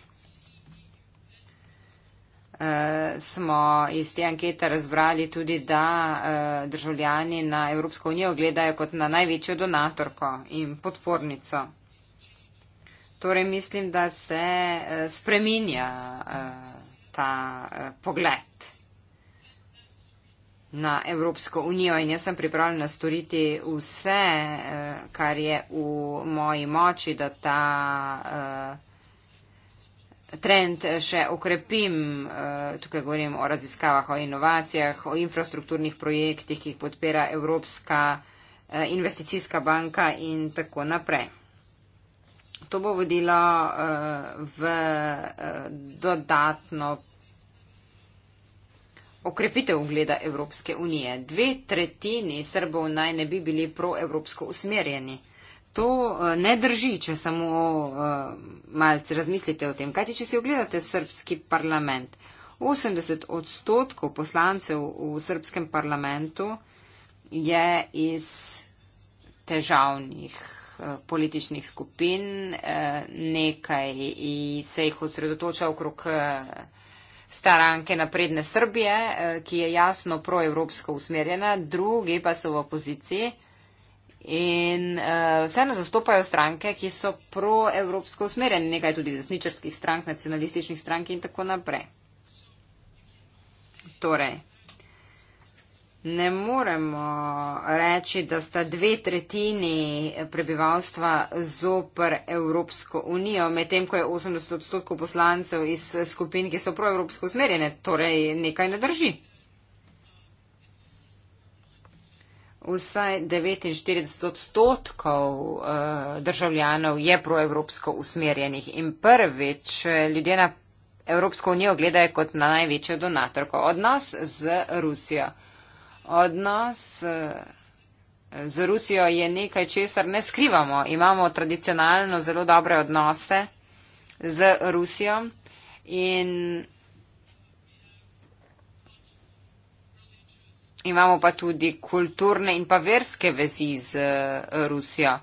eh, smo iz te ankete razbrali tudi, da eh, državljani na Evropsko unijo gledajo kot na največjo donatorko in podpornico. Torej mislim, da se eh, spreminja eh, ta eh, pogled na Evropsko unijo in jaz sem pripravljena storiti vse, eh, kar je v moji moči, da ta eh, trend še okrepim. Eh, tukaj govorim o raziskavah, o inovacijah, o infrastrukturnih projektih, ki jih podpira Evropska investicijska banka in tako naprej. To bo vodilo v dodatno okrepitev ugleda Evropske unije. Dve tretjini Srbov naj ne bi bili proevropsko usmerjeni. To eh, ne drži, če samo uh, malce razmislite o tem. Kajti, če si ogledate srpski parlament, 80 odstotkov poslancev v srpskem parlamentu je iz težavnih uh, političnih skupin, uh, nekaj se jih osredotoča okrog. Uh, stranke napredne Srbije, eh, ki je jasno proevropsko usmerjena, drugi pa so v opoziciji in eh, vseeno zastopajo stranke, ki so proevropsko usmerjene, nekaj tudi desničarskih strank, nacionalističnih strank in tako naprej. Torej, ne moremo reči, da sta dve tretjini prebivalstva zopr Evropsko unijo, medtem ko je 80 odstotkov poslancev iz skupin, ki so proevropsko usmerjene, torej nekaj ne drži. Vsaj 49 odstotkov eh, državljanov je proevropsko usmerjenih in prvič ljudje na Evropsko unijo gledajo kot na največjo donatorko od nas z Rusijo. Odnos eh, z Rusijo je nekaj, česar ne skrivamo. Imamo tradicionalno zelo dobre odnose z Rusijo in imamo pa tudi kulturne in pa verske vezi z eh, Rusijo.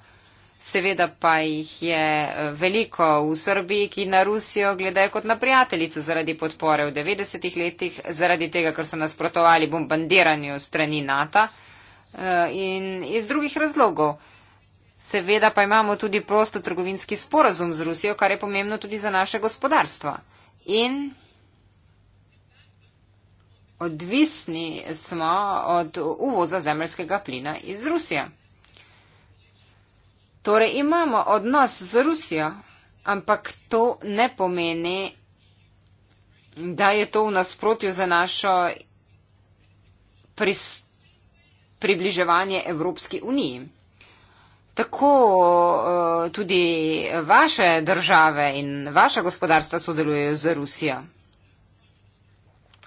Seveda pa jih je eh, veliko v Srbiji, ki na Rusijo gledajo kot na prijateljico zaradi podpore v 90-ih letih, zaradi tega, ker so nasprotovali bombardiranju strani NATO eh, in iz drugih razlogov. Seveda pa imamo tudi prosto trgovinski sporazum z Rusijo, kar je pomembno tudi za naše gospodarstvo. In odvisni smo od uvoza zemljskega plina iz Rusije. Torej imamo odnos z Rusijo, ampak to ne pomeni, da je to v nasprotju za našo približevanje Evropski uniji. Tako eh, tudi vaše države in vaše gospodarstva sodelujejo z Rusijo.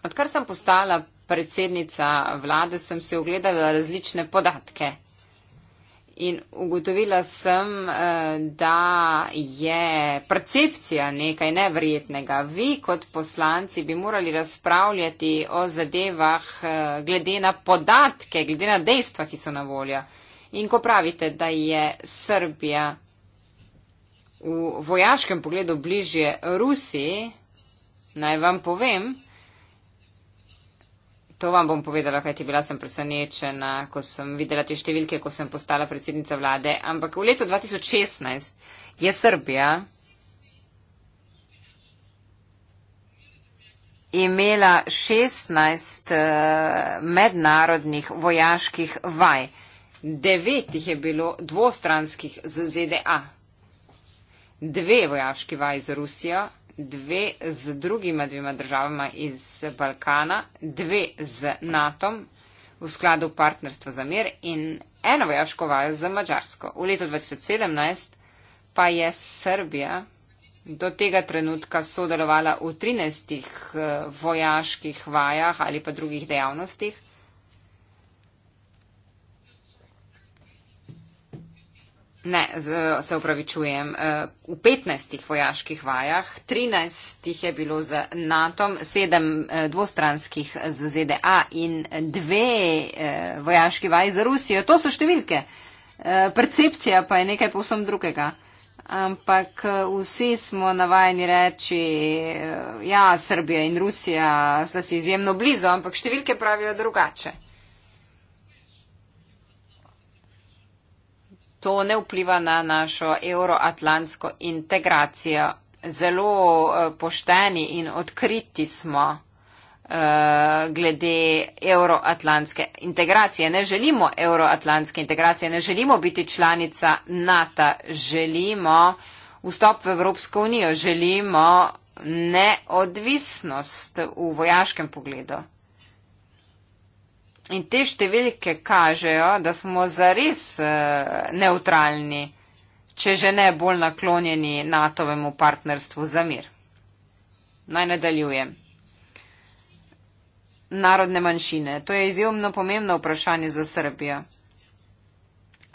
Odkar sem postala predsednica vlade, sem se ogledala različne podatke. In ugotovila sem, eh, da je percepcija nekaj nevrjetnega. Vi kot poslanci bi morali razpravljati o zadevah eh, glede na podatke, glede na dejstva, ki so na voljo. In ko pravite, da je Srbija v vojaškem pogledu bližje Rusiji, naj vam povem, To vam bom povedala, kaj ti bila sem presenečena, ko sem videla te številke, ko sem postala predsednica vlade. Ampak v letu 2016 je Srbija imela 16 eh, mednarodnih vojaških vaj. Devet jih je bilo dvostranskih z ZDA. Dve vojaški vaj z Rusijo dve z drugima dvema državama iz Balkana, dve z NATO-om v skladu partnerstva za mir in eno vojaško vajo z Mačarsko. V letu 2017 pa je Srbija do tega trenutka sodelovala v 13 eh, vojaških vajah ali pa drugih dejavnostih Ne, z, se upravičujem. Eh, v 15 vojaških vajah, 13 jih je bilo z NATO, 7 eh, dvostranskih z ZDA in 2 eh, vojaški vaj z Rusijo. To so številke. Percepcija pa je nekaj povsem drugega. Ampak vsi smo navajeni reči, ja, Srbija in Rusija sta si izjemno blizu, ampak številke pravijo drugače. to ne vpliva na našo euroatlantsko integracijo. Zelo eh, pošteni in odkriti smo eh, glede euroatlantske integracije. Ne želimo euroatlantske integracije, ne želimo biti članica NATO, želimo vstop v Evropsko unijo, želimo neodvisnost v vojaškem pogledu. In te številke kažejo, da smo zares eh, neutralni, če že ne bolj naklonjeni NATO-vemu partnerstvu za mir. Naj nadaljujem. Narodne manjšine. To je izjemno pomembno vprašanje za Srbijo.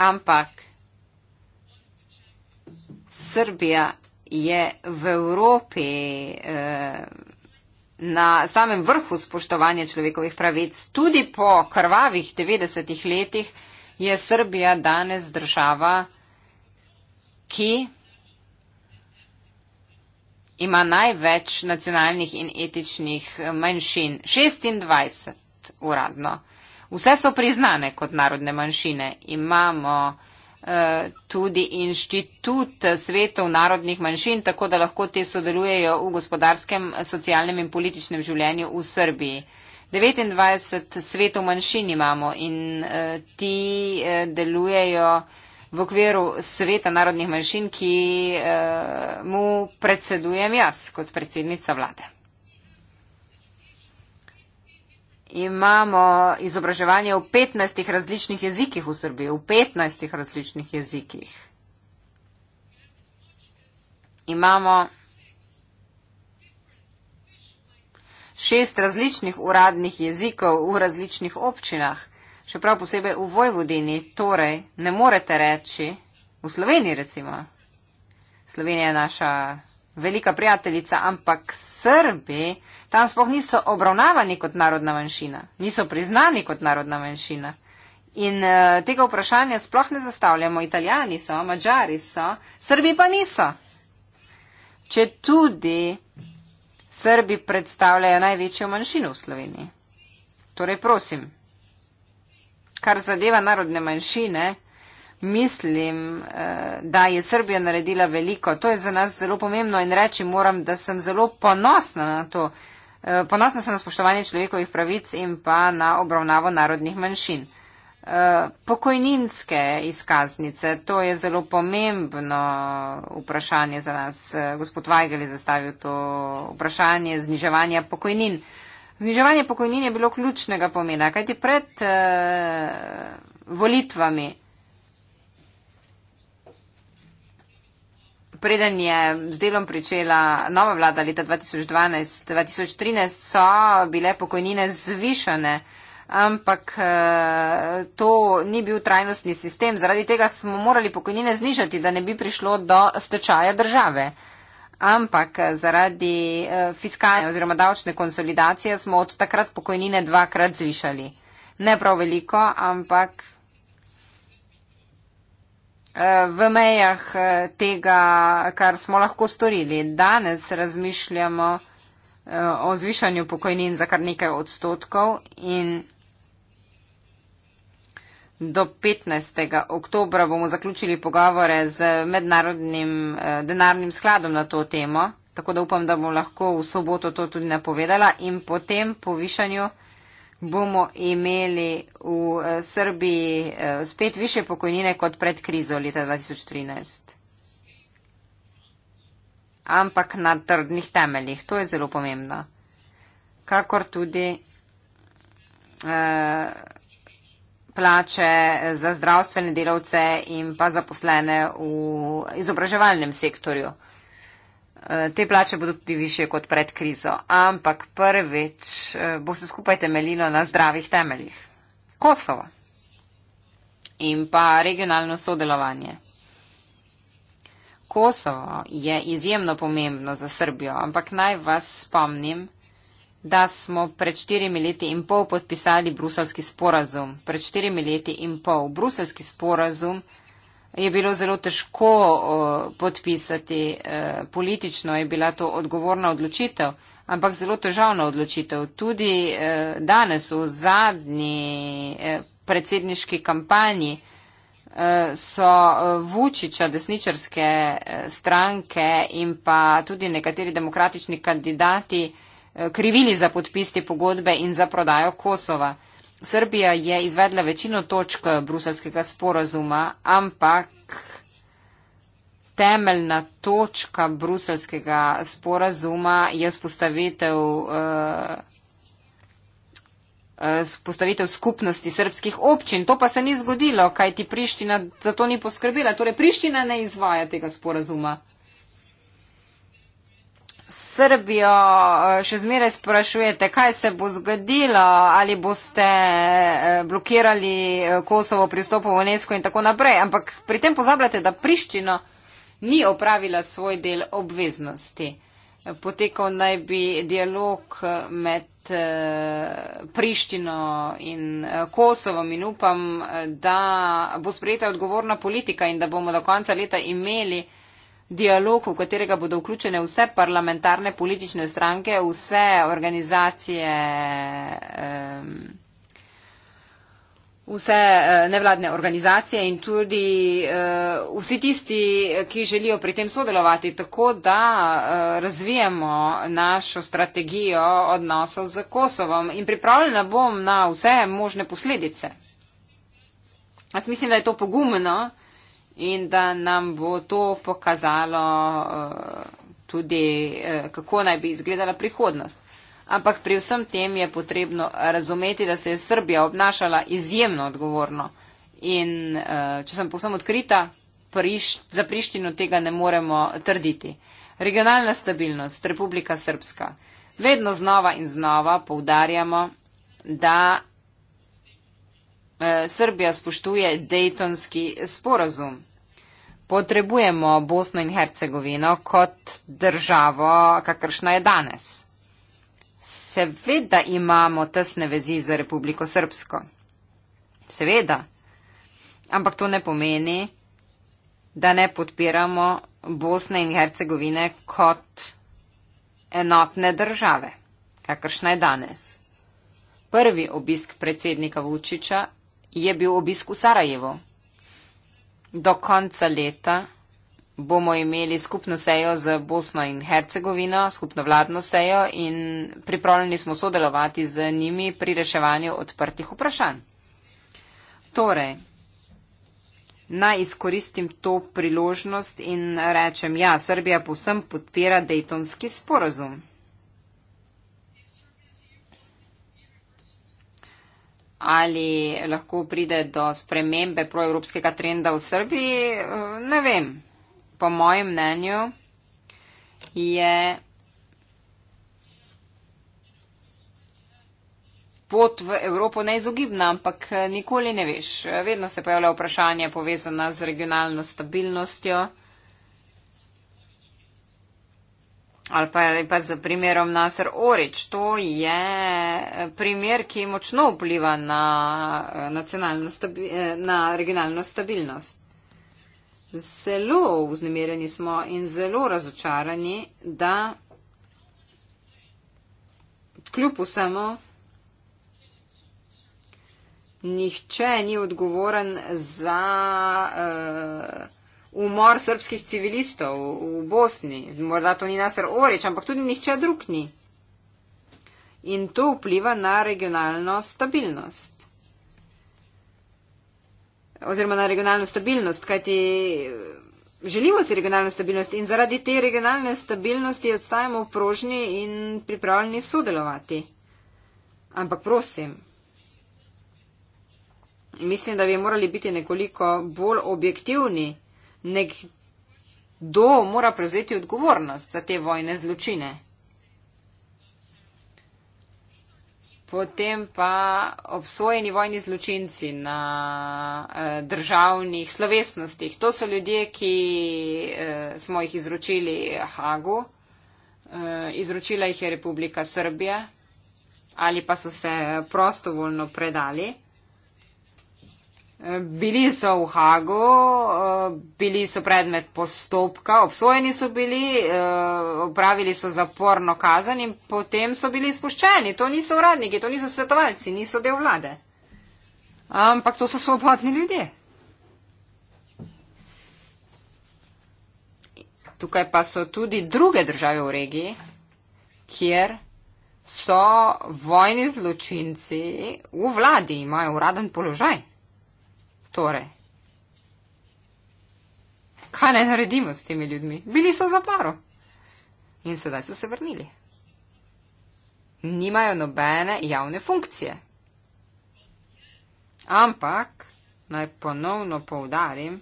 Ampak Srbija je v Evropi. Eh, na samem vrhu spoštovanja človekovih pravic. Tudi po krvavih 90-ih letih je Srbija danes država, ki ima največ nacionalnih in etičnih eh, manjšin. 26 uradno. Vse so priznane kot narodne manjšine. Imamo Eh, tudi inštitut svetov narodnih manjšin, tako da lahko te sodelujejo v gospodarskem, socialnem in političnem življenju v Srbiji. 29 svetov manjšin imamo in eh, ti eh, delujejo v okviru sveta narodnih manjšin, ki mu predsedujem jaz kot predsednica vlade. imamo izobraževanje v 15 različnih jezikih v Srbiji, v 15 različnih jezikih. Imamo šest različnih uradnih jezikov v različnih občinah, še prav posebej v Vojvodini, torej ne morete reči, v Sloveniji recimo, Slovenija je naša velika prijateljica, ampak Srbi tam spoh niso obravnavani kot narodna manjšina, niso priznani kot narodna manjšina. In uh, tega vprašanja sploh ne zastavljamo. Italijani so, mačari so, Srbi pa niso. Če tudi Srbi predstavljajo največjo manjšino v Sloveniji. Torej, prosim, kar zadeva narodne manjšine, mislim, eh, da je Srbija naredila veliko. To je za nas zelo pomembno in reči moram, da sem zelo ponosna na to. Eh, ponosna sem na spoštovanje človekovih pravic in pa na obravnavo narodnih manjšin. Eh, pokojninske izkaznice, to je zelo pomembno vprašanje za nas. Gospod Vajgel je zastavil to vprašanje zniževanja pokojnin. Zniževanje pokojnin je bilo ključnega pomena, kajti pred eh, volitvami preden je z delom pričela nova vlada leta 2012-2013, so bile pokojnine zvišene, ampak eh, to ni bil trajnostni sistem. Zaradi tega smo morali pokojnine znižati, da ne bi prišlo do stečaja države. Ampak eh, zaradi eh, fiskalne oziroma davčne konsolidacije smo od takrat pokojnine dvakrat zvišali. Ne prav veliko, ampak Eh, v mejah eh, tega, kar smo lahko storili. Danes razmišljamo eh, o zvišanju pokojnin za kar nekaj odstotkov in do 15. oktobra bomo zaključili pogovore z mednarodnim denarnim skladom na to temo, tako da upam, da bom lahko v soboto to tudi napovedala in potem po višanju bomo imeli v eh, Srbiji eh, spet više pokojnine kot pred krizo leta 2013. Ampak na trdnih temeljih. To je zelo pomembno. Kakor tudi eh, plače za zdravstvene delavce in pa zaposlene v izobraževalnem sektorju. Eh, te plače bodo tudi više kot pred krizo, ampak prvič eh, bo se skupaj temeljilo na zdravih temeljih. Kosovo in pa regionalno sodelovanje. Kosovo je izjemno pomembno za Srbijo, ampak naj vas spomnim, da smo pred štirimi leti in pol podpisali bruselski sporazum. Pred štirimi leti in pol bruselski sporazum je bilo zelo težko podpisati. E, politično je bila to odgovorna odločitev, ampak zelo težavna odločitev. Tudi e, danes v zadnji e, predsedniški kampanji so Vučiča, desničarske stranke in pa tudi nekateri demokratični kandidati krivili za podpis te pogodbe in za prodajo Kosova. Srbija je izvedla večino točk bruselskega sporazuma, ampak temeljna točka bruselskega sporazuma je spostavitev, uh, eh, spostavitev eh, skupnosti srpskih občin. To pa se ni zgodilo, kaj ti Priština za to ni poskrbila. Torej, Priština ne izvaja tega sporazuma. Srbijo, eh, še zmeraj sprašujete, kaj se bo zgodilo, ali boste eh, blokirali eh, Kosovo pristopu v UNESCO in tako naprej. Ampak pri tem pozabljate, da Priščino ni opravila svoj del obveznosti. Potekal naj bi dialog med Prištino in Kosovom in upam, da bo sprejeta odgovorna politika in da bomo do konca leta imeli dialog, v katerega bodo vključene vse parlamentarne politične stranke, vse organizacije, vse e, nevladne organizacije in tudi e, vsi tisti, ki želijo pri tem sodelovati, tako da e, razvijemo našo strategijo odnosov z Kosovom in pripravljena bom na vse možne posledice. Jaz mislim, da je to pogumno in da nam bo to pokazalo eh, tudi, eh, kako naj bi izgledala prihodnost. Ampak pri vsem tem je potrebno razumeti, da se je Srbija obnašala izjemno odgovorno. In eh, če sem povsem odkrita, za Prištino tega ne moremo trditi. Regionalna stabilnost, Republika Srpska. Vedno znova in znova poudarjamo, da Srbija spoštuje Dejtonski sporozum potrebujemo Bosno in Hercegovino kot državo, kakršna je danes. Seveda imamo tesne vezi z Republiko Srpsko. Seveda. Ampak to ne pomeni, da ne podpiramo Bosne in Hercegovine kot enotne države, kakršna je danes. Prvi obisk predsednika Vučiča je bil obisk v Sarajevo. Do konca leta bomo imeli skupno sejo z Bosno in Hercegovino, skupno vladno sejo in pripravljeni smo sodelovati z njimi pri reševanju odprtih vprašanj. Torej, naj izkoristim to priložnost in rečem, ja, Srbija posem podpira Dejtonski sporozum. ali lahko pride do spremembe proevropskega trenda v Srbiji, eh, ne vem. Po mojem mnenju je pot v Evropo neizogibna, ampak eh, nikoli ne veš. Vedno se pojavlja vprašanje povezana z regionalno stabilnostjo. Ali pa je pa z primerom Nasr Orič. To je eh, primer, ki močno vpliva na, eh, eh, na regionalno stabilnost. Zelo vznemirjeni smo in zelo razočarani, da kljub vsemu nihče ni odgovoren za. Uh, umor srpskih civilistov v Bosni. Morda to ni Nasr Orič, ampak tudi nihče drug ni. In to vpliva na regionalno stabilnost. Oziroma na regionalno stabilnost, kajti eh, želimo si regionalno stabilnost in zaradi te regionalne stabilnosti ostajamo v prožni in pripravljeni sodelovati. Ampak prosim, mislim, da bi morali biti nekoliko bolj objektivni nekdo mora prevzeti odgovornost za te vojne zločine. Potem pa obsojeni vojni zločinci na eh, državnih slovesnostih. To so ljudje, ki eh, smo jih izročili Hagu, eh, izročila jih je Republika Srbija ali pa so se prostovoljno predali. Bili so v Hagu, eh, bili so predmet postopka, obsojeni so bili, upravili eh, so zaporno kazen in potem so bili izpuščeni. To niso uradniki, to niso svetovalci, niso del vlade. Ampak to so svobodni ljudje. Tukaj pa so tudi druge države v regiji, kjer so vojni zločinci v vladi, imajo uraden položaj. Torej, kaj naj naredimo s temi ljudmi? Bili so v zaporu in sedaj so se vrnili. Nimajo nobene javne funkcije. Ampak, naj ponovno povdarim,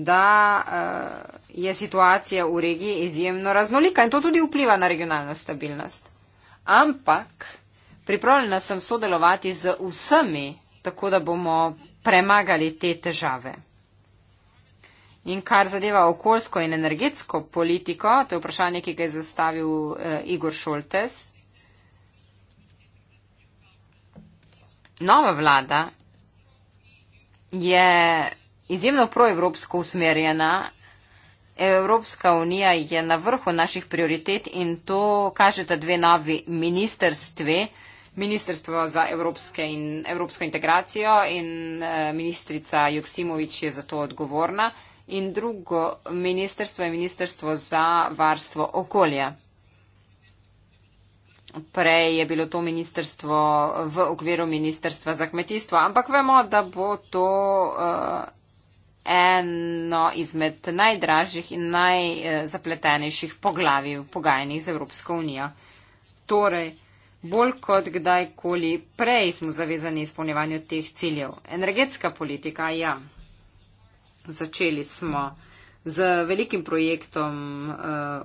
da uh, je situacija v regiji izjemno raznolika in to tudi vpliva na regionalno stabilnost. Ampak, pripravljena sem sodelovati z vsemi, tako da bomo premagali te težave. In kar zadeva okoljsko in energetsko politiko, to je vprašanje, ki ga je zastavil uh, Igor Šoltes. Nova vlada je izjemno proevropsko usmerjena. Evropska unija je na vrhu naših prioritet in to kažete dve novi ministerstve, uh, Ministrstvo za evropske in evropsko integracijo in eh, ministrica Joksimovič je za to odgovorna. In drugo ministrstvo je ministrstvo za varstvo okolja. Prej je bilo to ministrstvo v okviru ministrstva za kmetijstvo, ampak vemo, da bo to uh, eno izmed najdražjih in najzapletenejših poglavij v pogajanjih z Evropsko unijo. Torej, Bolj kot kdajkoli prej smo zavezani izpolnjevanju teh ciljev. Energetska politika, ja. Začeli smo z velikim projektom eh,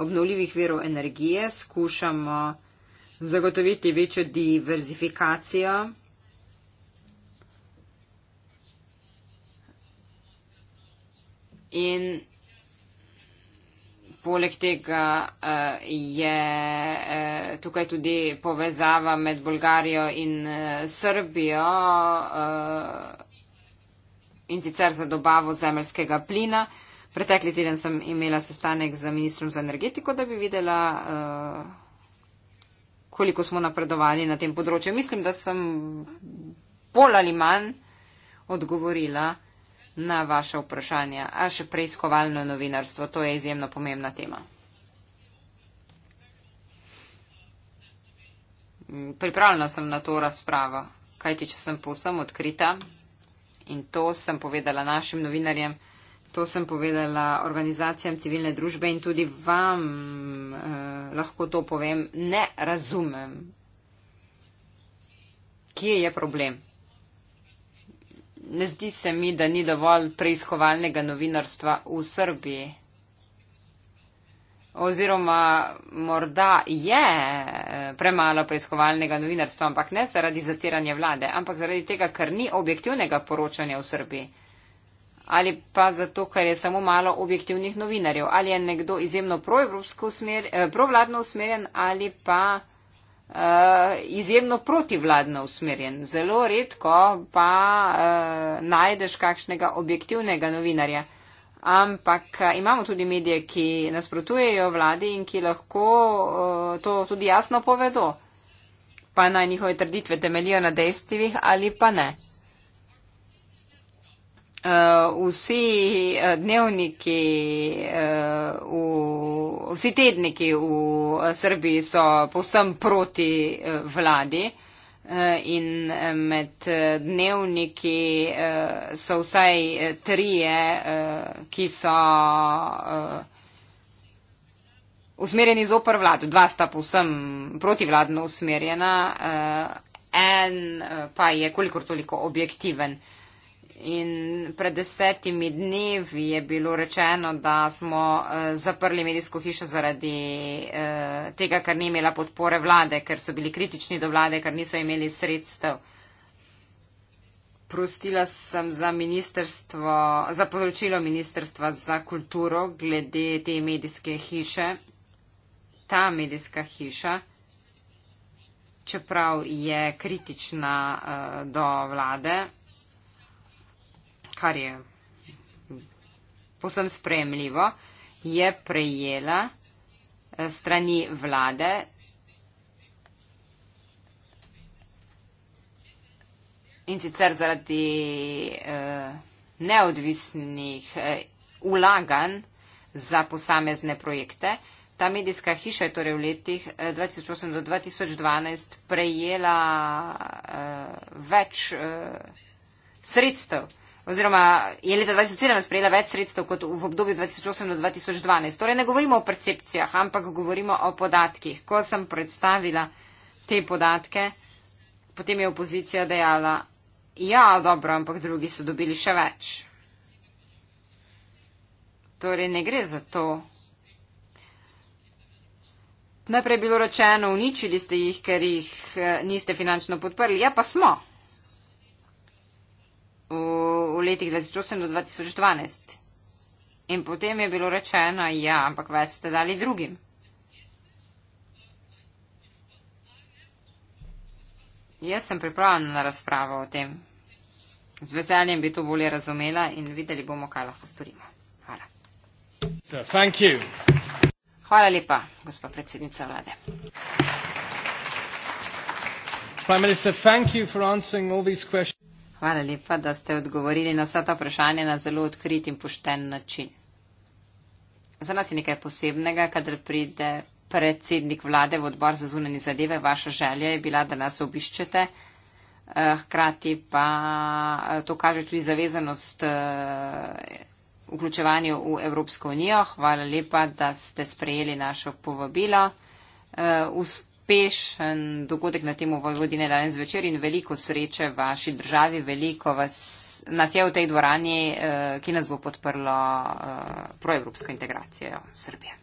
obnovljivih verov energije, skušamo zagotoviti večjo diverzifikacijo. In Poleg tega eh, je eh, tukaj tudi povezava med Bolgarijo in eh, Srbijo in sicer za dobavo zemljskega plina. Pretekli teden sem imela sestanek z ministrom za energetiko, da bi videla, koliko smo napredovali na tem področju. Mislim, da sem bolj ali manj odgovorila na vaše vprašanje. A še preiskovalno novinarstvo, to je izjemno pomembna tema. Pripravljena sem na to razpravo, kajti če sem povsem odkrita in to sem povedala našim novinarjem, to sem povedala organizacijam civilne družbe in tudi vam eh, lahko to povem, ne razumem, kje je problem ne zdi se mi, da ni dovolj preiskovalnega novinarstva v Srbiji. Oziroma, morda je eh, premalo preiskovalnega novinarstva, ampak ne zaradi zatiranja vlade, ampak zaradi tega, ker ni objektivnega poročanja v Srbiji. Ali pa zato, ker je samo malo objektivnih novinarjev. Ali je nekdo izjemno usmer, eh, provladno usmerjen ali pa. Eh, izjemno protivladno usmerjen. Zelo redko pa uh, najdeš kakšnega objektivnega novinarja. Ampak eh, imamo tudi medije, ki nasprotujejo vladi in ki lahko uh, to tudi jasno povedo, pa naj njihove trditve temelijo na dejstvih ali pa ne. Eh, vsi eh, dnevniki, eh, v, vsi tedniki v Srbiji so povsem proti vladi in med dnevniki so vsaj trije, ki so usmerjeni zopr vlado, dva sta povsem protivladno usmerjena, en pa je kolikor toliko objektiven. In pred desetimi dnevi je bilo rečeno, da smo eh, zaprli medijsko hišo zaradi eh, tega, ker ni imela podpore vlade, ker so bili kritični do vlade, ker niso imeli sredstev. Prostila sem za, za področilo Ministrstva za kulturo glede te medijske hiše. Ta medijska hiša, čeprav je kritična eh, do vlade, kar je posem spremljivo, je prejela eh, strani vlade in sicer zaradi uh, neodvisnih uh, eh, ulaganj za posamezne projekte. Ta medijska hiša je torej v letih 2008 do 2012 prejela uh, več uh, sredstev uh, oziroma je leta 2017 sprejela več sredstev kot v obdobju 2008 do 2012. Torej ne govorimo o percepcijah, ampak govorimo o podatkih. Ko sem predstavila te podatke, potem je opozicija dejala, ja, dobro, ampak drugi so dobili še več. Torej ne gre za to. Najprej je bilo rečeno, uničili ste jih, ker jih eh, niste finančno podprli. Ja, pa smo letih 2008 do 2012. In potem je bilo rečeno, ja, ampak več ste dali drugim. Jaz sem pripravljena na razpravo o tem. Z veseljem bi to bolje razumela in videli bomo, kaj lahko storimo. Hvala. Hvala lepa, gospod predsednica vlade. Prime minister, thank you for answering all these questions. Hvala lepa, da ste odgovorili na vsa ta vprašanja na zelo odkrit in pošten način. Za nas je nekaj posebnega, kadar pride predsednik vlade v odbor za zunanje zadeve. Vaša želja je bila, da nas obiščete. Eh, hkrati pa eh, to kaže tudi zavezanost eh, vključevanju v Evropsko unijo. Hvala lepa, da ste sprejeli našo povabilo uspešen dogodek na temu Vojvodine danes večer in veliko sreče vaši državi, veliko vas, nas je v tej dvorani, eh, ki nas bo podprlo eh, proevropsko integracijo Srbije.